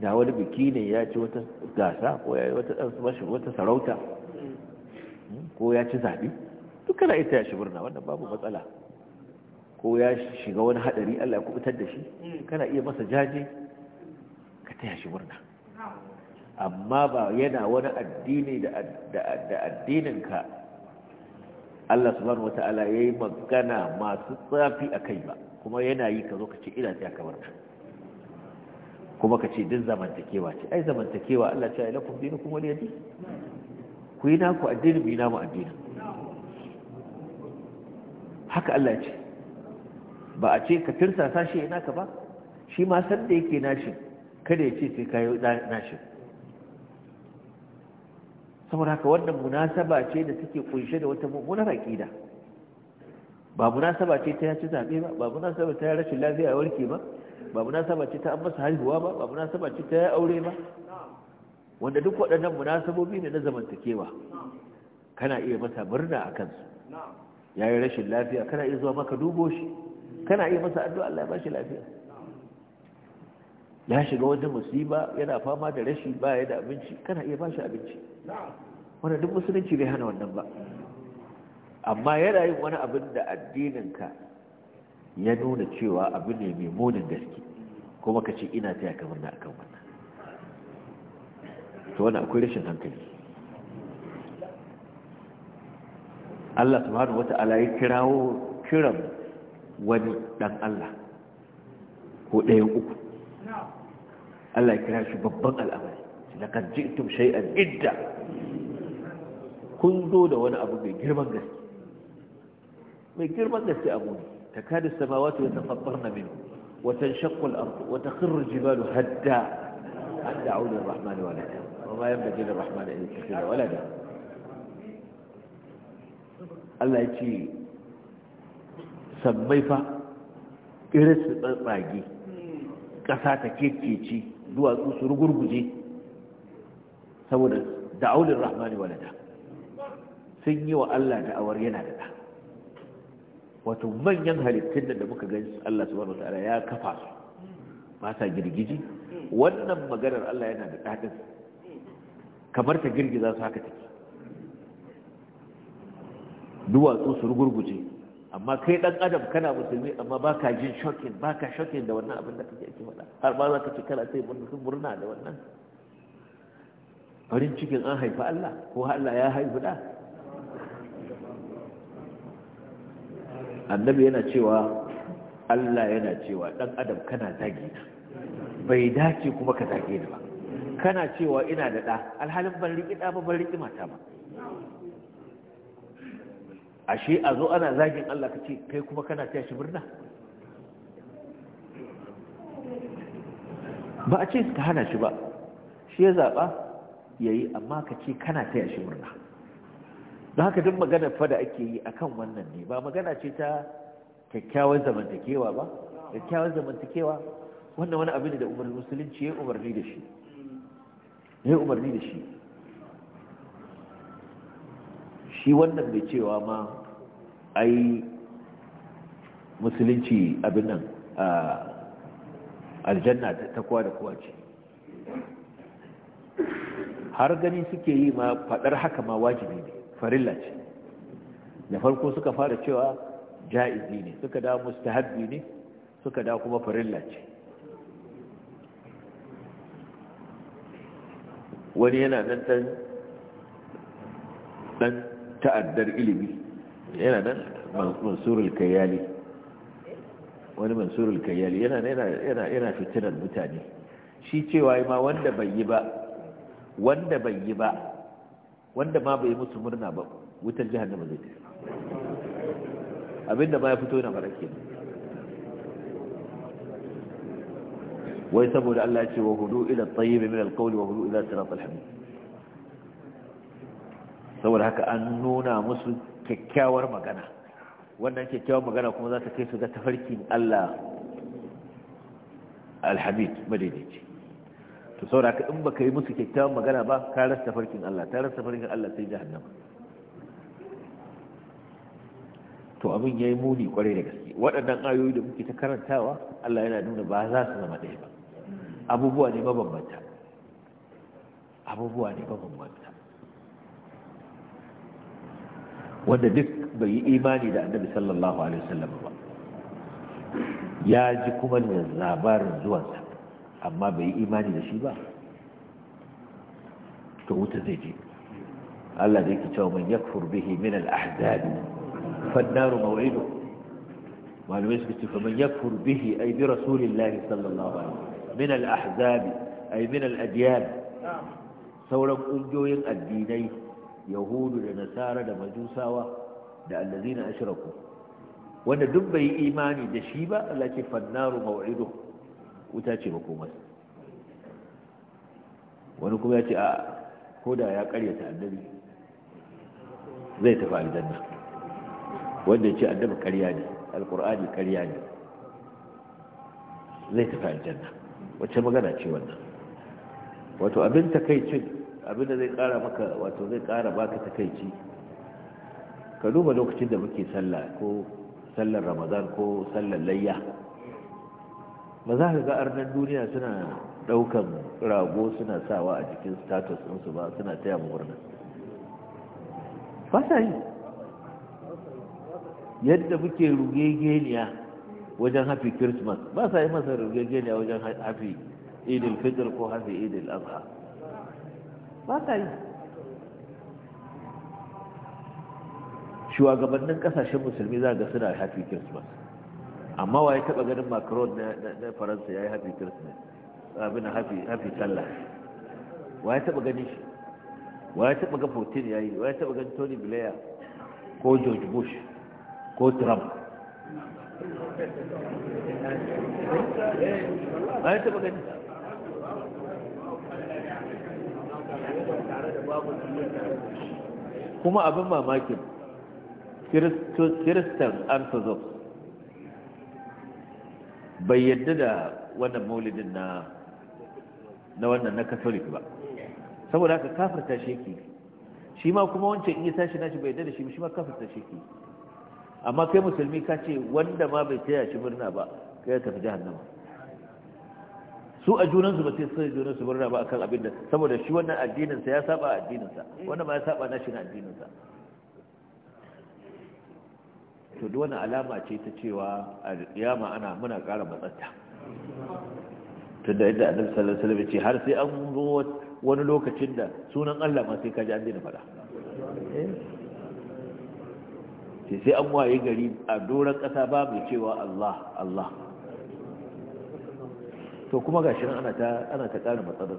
da wani biki ne ya ci wata gasa ko ya yi wata mashi wata sarauta hmm, ko ya ci zaɓi duk kana ita ya shi murna wannan babu matsala ko ya shiga wani haɗari Allah ya kubutar da shi kana iya masa jaje ka taya shi murna amma ba yana wani addini da addininka Allah subhanahu wata'ala ya yi magana masu tsafi a kai ba kuma yana yi ka zo ka ce ina tsaye kamar ka. kuma ka ce duk zamantakewa ce ai zamantakewa Allah ce ila kun dinu kuma yadi ku yi naku addini mu yi namu addini haka Allah ce ba a ce ka tirsasa shi ina ka ba shi ma san da yake nashi kada ya ce sai ka yi nashi saboda haka wannan munasaba ce da take kunshe da wata mummunar aqida ba munasaba ce ta yaci zabe ba ba munasaba ta rashin lafiya warke ba ba munasaba ce ta an masa haihuwa ba ba munasaba ce ta aure ba wanda duk waɗannan munasabobi ne na zamantakewa kana iya masa murna a kansu ya yi rashin lafiya kana iya zuwa maka dubo shi kana iya masa addu'a Allah ya bashi lafiya ya shiga wajen musiba yana fama da rashi ba ya da abinci kana iya ba shi abinci wanda duk musulunci bai hana wannan ba amma yana yin wani abin da addininka ya nuna cewa abu ne mai munin gaske kuma ka ce ina taya kamar na akan wannan to wani akwai rashin hankali Allah subhanahu ala ya kirawo kiran wani dan Allah ko ɗayan uku Allah ya kira shi babban al'amari na kan ji'tum shai'an idda kun zo da wani abu mai girman gaske mai girman gaske abu ne takadu samawati yatafattarna minhu wa tanshaqqu al-ardu wa takhirru al-jibalu hadda an da'u lir-rahmani walada wa ma yanbaghi lir-rahmani an yattakhidha walada Allah ya ce sammai fa irin su tsatsage ƙasa ta kekeci duwatsu su rugurguje saboda da'aunin rahmani sun yi wa Allah yana da wato manyan halittun da muka gani Allah subhanahu wataala ya kafa su ba sa girgiji wannan maganar Allah yana da dadin kamar ta girgiza su haka take duwatsu su rugurguje amma kai dan adam kana musulmi amma baka jin shocking baka shocking da wannan abin da kake ake faɗa har ba za ka ci kana sai mun murna da wannan farin cikin an haifi Allah ko Allah ya haifi da annabi yana cewa Allah yana cewa ɗan adam kana zage na bai dace kuma ka zage ni ba kana cewa ina da ɗa alhalin ban riki ɗa ba ban riki mata ba ashe a zo ana zagin Allah ka ce kai kuma kana shi birna ba a ce suka hana shi ba shi ya zaɓa ya yi amma ka ce kana taya shi murna da haka duk magana fa da ake yi akan wannan ne ba magana ce ta kyakkyawar zamantakewa ba kyakkyawar zamantakewa wannan wani abin da umarni musulunci ya umarni da shi ya umarni da shi shi wannan mai cewa ma ai musulunci abin nan a aljanna ta kowa da kowa ce har gani suke yi ma fadar haka ma wajibi ne farilla ce da farko suka fara cewa ja'izi ne suka da mustahabbi ne suka da kuma farilla ce wani yana nan dan ta'addar ilimi yana nan mansurul kayali wani mansurul kayyali yana yana yana fitinar mutane shi cewa ma wanda bai yi ba wanda bai yi ba wanda ma bai musu murna ba wutar jahannama zai tafi abinda ma ya fito na marake wai saboda Allah ya ce wa hudu ila tayyib min alkawli wa hudu ila sirat alhamid saboda haka an nuna musu kyakkyawar magana wannan kyakkyawar magana kuma za ta kai su ga tafarkin Allah alhamid madaidaici to saboda ka in baka yi musu kyakkyawan magana ba ka rasa farkin Allah ta rasa farkin Allah sai jahannama to abin yayi muni kwarai da gaske waɗannan ayoyi da muke ta karantawa Allah yana nuna ba za su zama ɗaya ba abubuwa ne mabambanta abubuwa ne mabambanta wanda duk bai yi imani da annabi sallallahu alaihi wasallam ba ya ji kuma labarin zuwansa amma bai yi imani da shi ba to wuta zai ji Allah zai ki cewa man ya furbihi min al'adadi fannaru mawaido malumai suka ce man ya furbihi a yi bi rasulun lahi sallallahu ala'adu min al'adadi a yi min al'adiyar sauran ƙungiyoyin addinai yahudu da nasara da majusawa da allazi na ashiraku wanda duk bai yi imani da shi ba Allah ke fannaru mawaido wuta ce makomarsa wani kuma ya ce a koda ya karyata annabi zai tafi aljanna wanda ya ce annabi karya ne alkur'ani karya ne zai tafi aljanna wacce magana ce wannan wato abin takaicin abin da zai kara maka wato zai kara baka takaici ka duba lokacin da muke sallah ko sallar ramadan ko sallar layya ba za ka ga arnan duniya suna ɗaukan rago suna sawa a cikin status ɗinsu ba suna taya murna fasa yi yadda muke rugegeniya wajen hafi christmas ba sa yi masa rugegeniya wajen hafi idil fitr ko hafi idil azha ba sa yi shugabannin kasashen musulmi za ga suna hafi christmas amma wa ya taba ganin macron na faransa ya yi happy christmas abin happy sallah wa ya taba ganin shi wa ya taba ga putin ya yi wa ya taba ganin tony blair ko george bush ko trump wa ya taba ganin kuma abin mamakin kiristan orthodox bai yadda da wannan maulidin na na wannan na catholic ba saboda haka kafirta shi yake shi ma kuma wancan in ya tashi nashi bai yadda da shi shi ma kafirta shi yake amma kai musulmi ka ce wanda ma bai taya shi murna ba kai ya tafi jahannama su a junansu ba sai sai junansu murna ba akan abin da saboda shi wannan addininsa ya saba addininsa wannan ma ya saba nashi na addininsa to duk wani alama ce ta cewa a yama ana muna ƙara matsatta da yadda annabi sallallahu alaihi wasallam ce har sai an zo wani lokacin da sunan Allah ma sai kaji an daina fada eh? sai sai an waye gari a doron ƙasa ba mai cewa Allah Allah to kuma gashi ana ta ana ta ƙara matsalar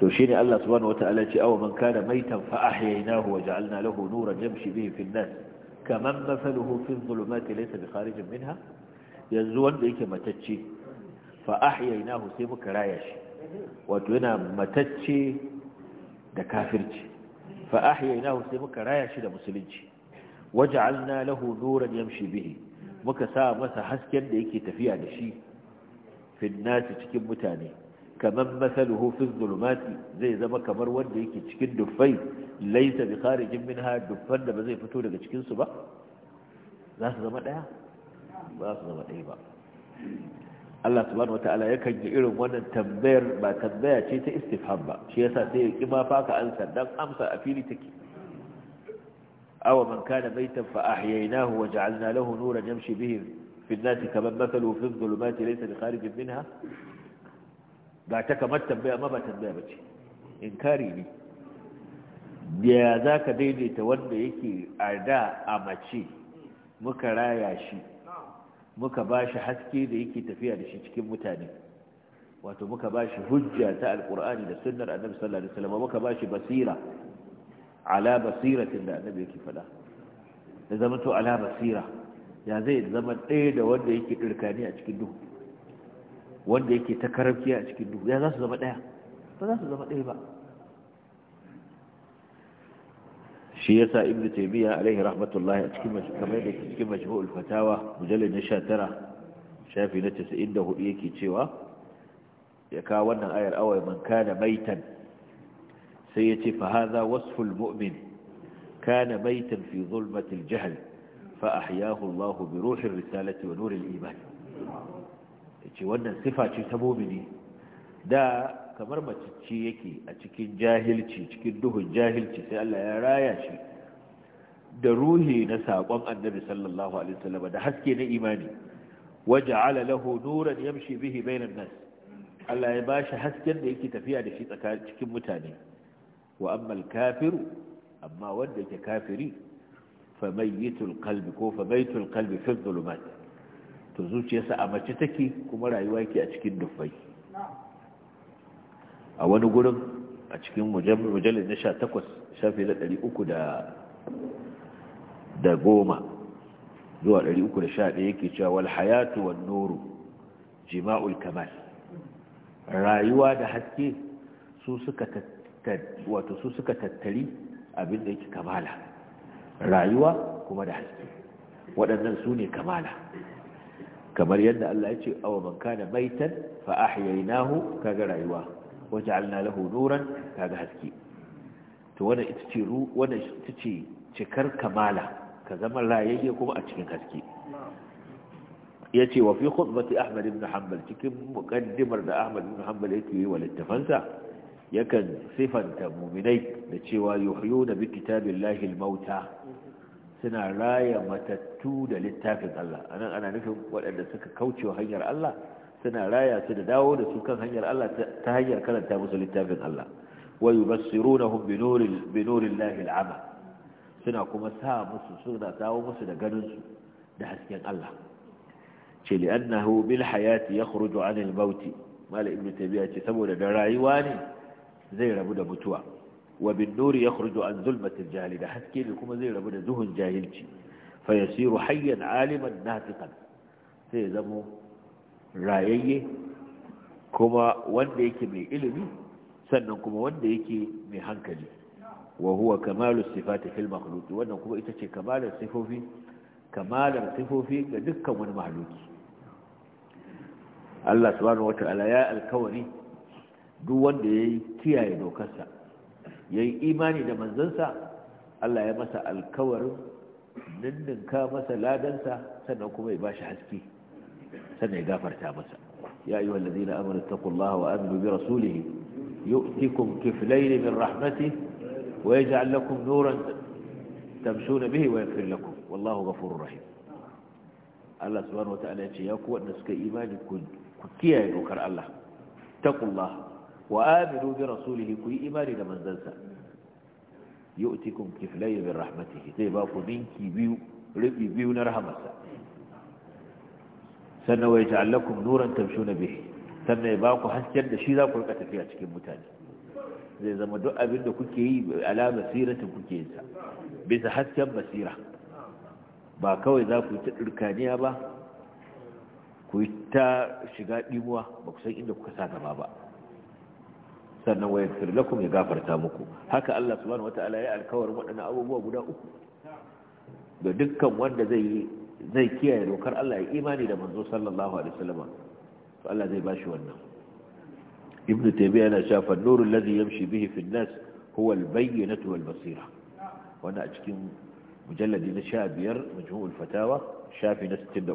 to shine Allah subhanahu wataala ce aw man kana maitan fa ahyaynahu wa ja'alna lahu nuran yamshi bihi fi an-nas kaman mathaluhu fi adh-dhulumati laysa bi kharijin minha yanzu wanda yake matacce fa ahyaynahu sai muka raya shi wato yana matacce da kafirci fa ahyaynahu sai muka raya shi da musulunci waj'alna lahu nuran yamshi bihi muka sa masa hasken da yake tafiya da shi fi nas cikin mutane kamar masaluhu fi zulumati zai zama kamar wanda yake cikin dufai laisa bi kharijin minha dufan da ba zai fito daga cikin su ba za su zama daya ba su zama daya ba Allah subhanahu wataala ya kan yi irin wannan tambayar ba tambaya ce ta istifham ba shi yasa sai ya kima ka ansa dan amsa a fili take aw man kana baytan fa ahyaynahu wa ja'alna lahu nuran yamshi bihi fi an-nas kaman mathaluhu fi adh-dhulumati laysa bi kharijin minha ga ta kamar tambaya ma ba tambaya ba ce inkari ne ya za ka daidaita wanda yake a da a mace muka raya shi muka ba shi haske da yake tafiya da shi cikin mutane wato muka ba shi hujja ta alkur'ani da sunnar annabi sallallahu alaihi wasallam muka ba shi basira ala basiratin da annabi yake faɗa da zama to ala basira ya zai zama ɗaya da wanda yake ɗirkani a cikin duhu wanda yake ta karamci a cikin duhu ya za su zama ɗaya ba za su zama ɗaya ba shi ya sa ibn taymiya alaihi rahmatullahi a cikin kamar da cikin majmu'ul fatawa mujallar na tara. shafi na hudu yake cewa ya kawo wannan ayar awai man kana maitan sai ya ce fa haza wasful mu'min kana maitan fi zulmatil jahl fa ahyahu Allah bi ruhin risalati wa nuril iman yace wannan sifa ce ta mu'mini da kamar macicci yake a cikin jahilci cikin duhun jahilci sai Allah ya raya shi da ruhi na sakon annabi sallallahu alaihi wasallam da haske na imani waja'ala lahu nuran yamshi bihi bainan nas Allah ya bashi hasken da yake tafiya da shi tsakanin cikin mutane wa ammal kafiru amma wanda yake kafiri fa mayyitul qalbi ko fa mayyitul qalbi fi dhulumat to zuciyarsa a mace take kuma rayuwa ke a cikin dubbai a wani gurin a cikin mujallar na sha takwas shafi na ɗari uku da goma zuwa ɗari uku da sha ɗaya ke cewa wal hayatu jima'ul kamal rayuwa da haske su wato su suka tattari abin da yake kamala rayuwa kuma da haske waɗannan su ne kamala kamar yadda Allah ya ce awa man kana maitan fa ahyaynahu kaga rayuwa waja'alna lahu nuran kaga haske to ita ce ru ita ce cikar kamala ka zama rayayye kuma a cikin haske yace wa fi khutbati Ahmad ibn Hanbal cikin muqaddimar da Ahmad ibn Hanbal yake yi wa littafansa yakan sifanta mu'minai da cewa yuhyuna bi kitabillahi al-mauta suna raya matattu da littafin Allah anan ana nufin waɗanda suka kaucewa hanyar Allah suna raya su da dawo da su kan hanyar Allah ta hanyar karanta musu littafin Allah wai yubassirunahum na nuril bi nurillahi suna kuma sa musu suna dawo musu da ganin su da hasken Allah ce li'annahu bil hayati da 'anil maut mala Ibn tabi'a ce saboda da rayuwa ne zai rabu da mutuwa wa bin ya yakhruju an zulmatin jahili da haske ne kuma zai rabu da duhun jahilci fa yasiru hayyan aliman natiqan sai ya zamo rayayye kuma wanda yake mai ilimi sannan kuma wanda yake mai hankali wa huwa kamalu sifati fil makhluqi wannan kuma ita ce kamalar sifofi kamalar sifofi ga dukkan wani mahaluki Allah subhanahu wata'ala ya alkawari duk wanda ya kiyaye dokarsa ya yi imani da manzansa Allah ya masa alkawarin ninninka masa ladansa sannan kuma ya bashi haske sannan ya gafarta masa ya ayyuhal ladina amanu taqullaha wa aminu bi rasulihi yu'tikum kiflayn min rahmatihi wa yaj'al lakum nuran na bihi wa yaghfir lakum wallahu ghafurur rahim Allah subhanahu wa ta'ala ya ce ya ku wanda suka imani ku kiyaye dokar Allah taqullaha wa aminu bi rasulihi ku yi imani da manzansa yu'tikum kiflayn min rahmatihi zai ba ku ninki biyu rubi biyu na rahamarsa sannan wa yaj'alakum nuran tamshuna bihi sannan ya ba ku hasken da shi za ku rika tafiya cikin mutane zai zama duk abin da kuke yi ala basiratin kuke yin sa bisa hasken basira ba kawai za ku yi ta ɗirkaniya ba ku yi ta shiga ɗimuwa ba ku san inda kuka sa gaba ba sannan wa yaghfir lakum ya gafarta muku haka Allah subhanahu wataala ya alkawarin waɗannan abubuwa guda uku ga dukkan wanda zai zai kiyaye dokar Allah ya imani da manzo sallallahu alaihi wasallam to Allah zai bashi wannan ibnu taymiya yana cewa an alladhi yamshi bihi fi an-nas huwa al-bayyinatu wal-basira wanda a cikin mujalladi na 15 majmu'ul fatawa shafi na 63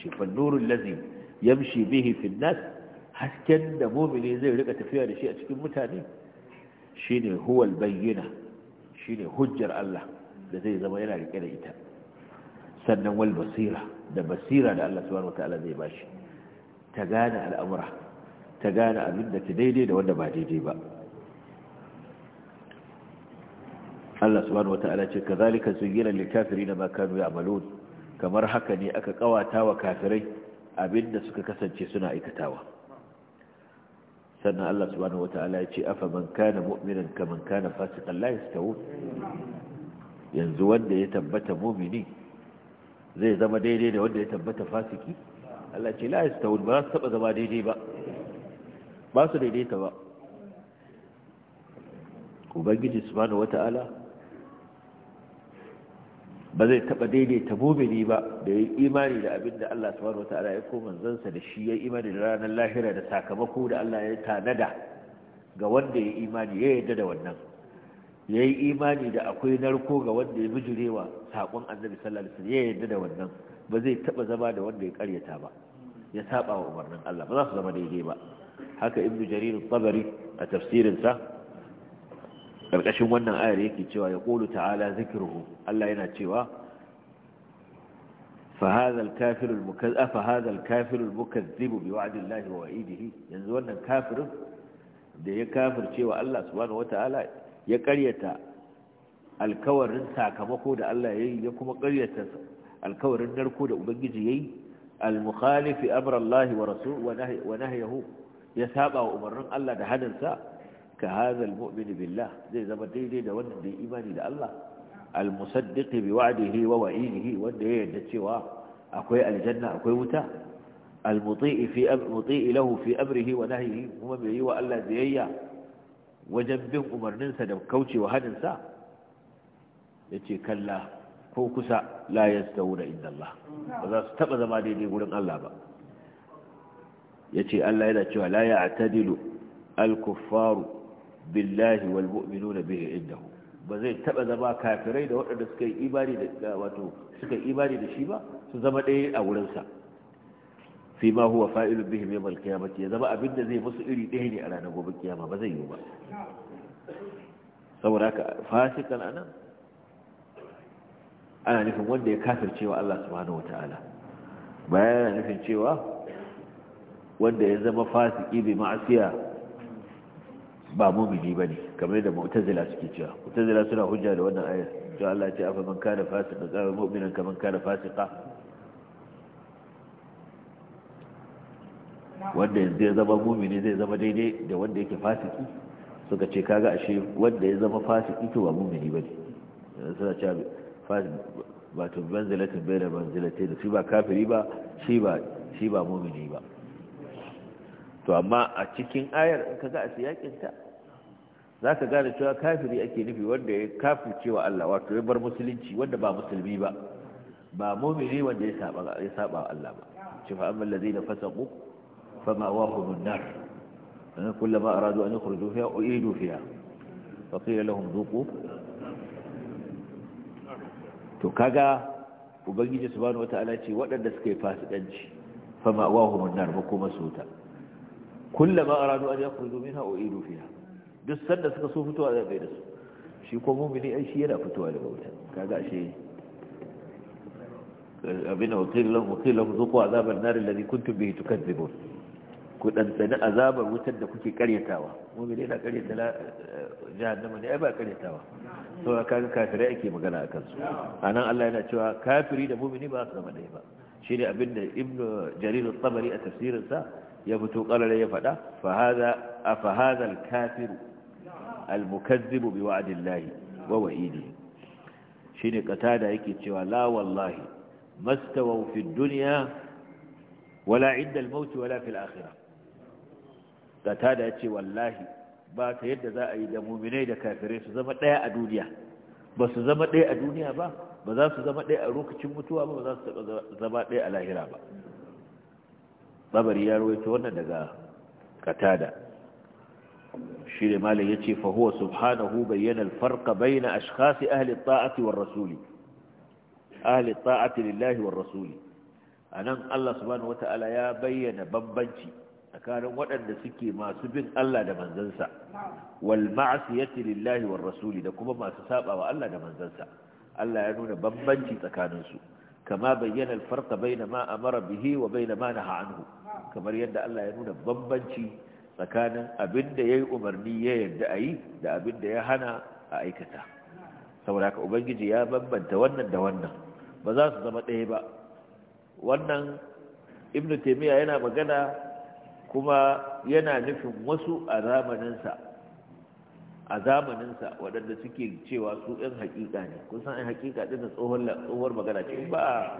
ce fa an-nur alladhi yamshi bihi fi an-nas hasken da mumini zai rika tafiya da shi a cikin mutane shi ne huwal bayyana, shi ne hujjar Allah da zai zama yana rike da ita sannan wal basira da basira da Allah subhanahu wataala zai bashi ta gane al'amura ta gane abin da ta daidai da wanda ba daidai ba Allah subhanahu wataala ce kazalika zuyyina lil kafirin ma kanu ya'malun kamar haka ne aka kawata wa kafirai abinda suka kasance suna aikatawa sannan Allah subhanahu wataala ya ce afa man kana mu'minan kaman kana fasiqan la yastawu yanzu wanda ya tabbata mu'mini zai zama daidai da wanda ya tabbata fasiki Allah ce la yastawu ba za su taba zama daidai ba ba su daidaita ba ubangiji subhanahu wataala ba zai taba daidaita mumini ba da ya imani da abin da Allah wata ala ya koma zansa da shi ya imani da ranar lahira da sakamako da Allah ya tanada ga wanda ya imani ya yadda da wannan ya yi imani da akwai narko ga wanda ya bijirewa saƙon annabi sallallahu alaihi ya yadda da wannan ba zai taba zama da wanda ya karyata ba ya saba wa umarnin Allah ba za su zama daidai ba haka ibnu jarir tabari a tafsirinsa ƙarƙashin wannan ayar yake cewa ya ƙolu ta'ala zikirhu Allah yana cewa fahazal kafirul mukazza fahazal kafirul a bi wa'dillahi wa wa'idihi yanzu wannan kafirin da ya kafirce cewa Allah subhanahu wata'ala ya ƙaryata alkawarin sakamako da Allah yayi ya kuma ƙaryata alkawarin narko da ubangiji yayi al-mukhalifi amra Allah wa rasul wa nahyahu ya saba wa umarnin Allah da haninsa ka hadha almu'min billah zai zama daidai da wanda bai imani da Allah almusaddiq bi wa'dihi wa wa'idihi wanda ya yarda cewa akwai aljanna akwai wuta almuti'i fi amri lahu fi amrihi wa nahyihi kuma bai yi wa Allah biyayya wajen bin umarninsa da kaucewa haninsa yace kalla ko kusa la yastawuna inda Allah ba za su taba zama daidai gurin Allah ba yace Allah yana cewa la ya'tadilu al-kuffaru billahi wal mu'minuna bihi indahu ba zai taba zama kafirai da waɗanda suka yi imani da wato suka yi imani da shi ba su zama ɗaya a wurin sa fi ma huwa fa'ilun bihi yawm al ya zama abin da zai musu iri ɗaya ne a ranar gobe kiyama ba zai yi ba saboda haka fasikan anan ana nufin wanda ya kafircewa Allah subhanahu wataala bayan yana nufin cewa wanda ya zama fasiki bi ma'asiya ba mumini bane kamar da mu'tazila suke cewa mu'tazila suna hujja da wannan ayar to Allah ya ce afa man kana fasiqa qala mu'minan kaman kana fasiqa wanda yanzu ya zama mumini zai zama daidai da wanda yake fasiki suka ce kaga ashe wanda ya zama fasiki to ba mumini bane suna cewa ba to manzilatin bai da manzilatai da shi ba kafiri ba shi ba shi ba mumini ba to amma a cikin ayar in ka ga a siyakinta za ka gane cewa kafiri ake nufi wanda ya kafin cewa Allah wato ya bar musulunci wanda ba musulmi ba ba mumini wanda ya saba ya saba Allah ba ce fa amma allazina fasaqu fama wahum an-nar an kullama aradu an yukhruju fiha uidu fiha fa qila lahum dhuqu to kaga ubangiji subhanahu wataala ce waɗanda suka yi fasikanci fama wahum an-nar ba kuma su ta kullama aradu an yakhruju minha uidu fiha duk sanda suka so fitowa da bai da su shi ko mu'mini ai shi yana fitowa daga wuta kaga ashe abin wakil lahu wakil lahu zuqu azaban nar alladhi kuntum bihi tukadzibun ku dan tsani azabar wutar da kuke karyatawa mu'mini yana karyata eh, jahannama ne ai ba karyatawa to kaga kafirai ake magana akan su anan Allah yana cewa kafiri da mu'mini ba su zama ɗaya ba ne abin da ibnu jarir at-tabari a tafsirinsa ya fito ƙarar ya faɗa a fahazal kafiru almukazzibu bi wa'adillahi wa wa'idi shi ne ƙata da yake cewa la wallahi mastawau fi duniya wala inda almauti wala fil akhirah ƙata da ya ce wallahi ba ta yadda za a yi da muminai da kafirai su zama ɗaya a duniya ba su zama ɗaya a duniya ba ba za su zama ɗaya a lokacin mutuwa ba ba za su zama ɗaya a lahira ba babari ya rawaito wannan daga katada shi ne malam ya ce, fahuwa, subhanahu bayyana al-farq bayna ashkhas ahli taati war-rasuli ahli taati lillahi war-rasuli anan Allah subhanahu wata'ala ya bayyana bambanci tsakanin waɗanda suke masu bin Allah da manzansa wal ma'asiyati lillahi war rasuli da kuma masu saba wa Allah da manzansa Allah ya nuna bambanci tsakanin su kama bayyana farka farqa bayna ma amara bihi wa bayna ma naha anhu kamar yadda Allah ya nuna bambanci tsakanin abin da ya yi umarni ya yarda a yi da abin da ya hana a aikata saboda haka ubangiji ya bambanta wannan da wannan ba za su zama ɗaya ba wannan ibn taimiyya yana magana kuma yana nufin wasu a zamaninsa a zamaninsa waɗanda suke cewa su ɗin haƙiƙa ne kun san ɗin haƙiƙa ɗin da tsohuwar magana ce in ba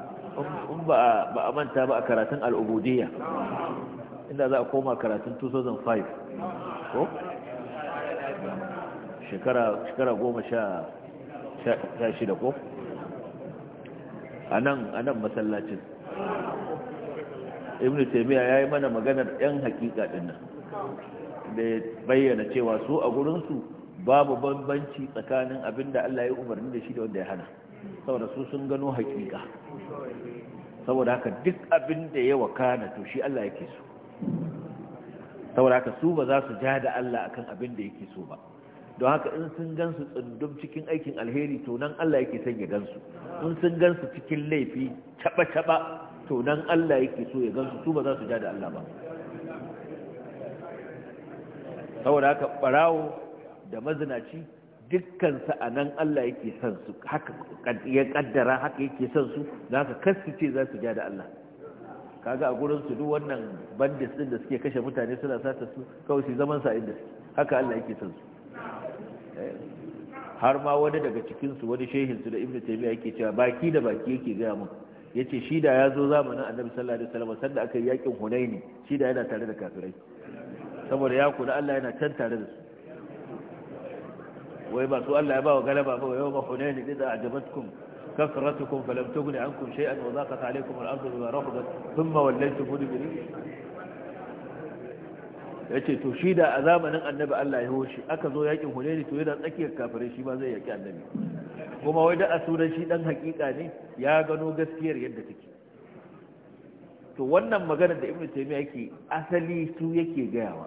a manta ba a karatun al'ubudiyya inda za a koma karatun 2005 ko? shekara goma sha shida ko? a nan masallacin ibn taimiyya ya yi mana maganar ɗin haƙiƙa ɗin nan da bayyana cewa su a gurinsu babu bambanci tsakanin abin da Allah ya umarni da shi da wanda ya hana saboda su sun gano hakika saboda haka duk abin da ya wakana to shi Allah yake so saboda haka su ba za su ja da Allah akan abin da yake so ba don haka in sun gansu tsundum cikin aikin alheri to nan Allah yake son ya gansu in sun gansu cikin laifi taba taba to nan Allah yake so ya gansu su ba za su ja da Allah ba saboda haka barawo da mazinaci dukkansa a nan Allah yake son su haka ya kaddara haka yake son su za ka kasu ce za su ja da Allah kaga a gurin su duk wannan bandits din da suke kashe mutane suna sata su kawai su zaman sa inda suke haka Allah yake son su har ma wani daga cikin su wani shehin su da Ibn Taymiyyah yake cewa baki da baki yake ga mu yace shi da ya zo zamanin Annabi sallallahu alaihi wasallam sanda aka yi yakin Hunaini shi da yana tare da kafirai saboda ya kula Allah yana can tare da su wai ba su Allah ya ba wa galaba ba yau ba hunain idza ajabatkum kasratukum falam tughni ankum shay'an wa dhaqat alaykum al-ardu bima rahabat thumma wallaytum mudbirin yace to shi da a zamanin annabi Allah ya hoshi aka zo yakin hune hunain to yana tsakiyar kafirai shi ba zai yaki annabi kuma wai da a sunan shi dan hakika ne ya gano gaskiyar yadda take to wannan magana da ibnu taymiya yake asali su yake gayawa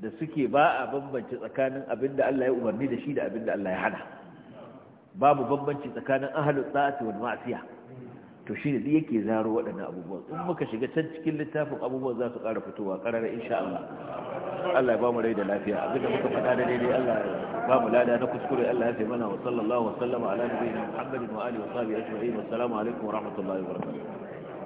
da suke ba a bambanci tsakanin abin da Allah ya umarni da shi da abin da Allah ya hana babu bambanci tsakanin ahalus sa'ati wal ma'siya to shine duk yake zaro waɗannan abubuwan in muka shiga can cikin littafin abubuwan za su ƙara fitowa ƙarara insha Allah Allah ya ba mu rai da lafiya abin da muka faɗa da daidai Allah ya ba mu lada na kuskure Allah ya fi mana wa sallallahu wa sallama ala nabiyyina Muhammadin wa alihi wa sahbihi ajma'in wa assalamu alaikum wa rahmatullahi wa barakatuh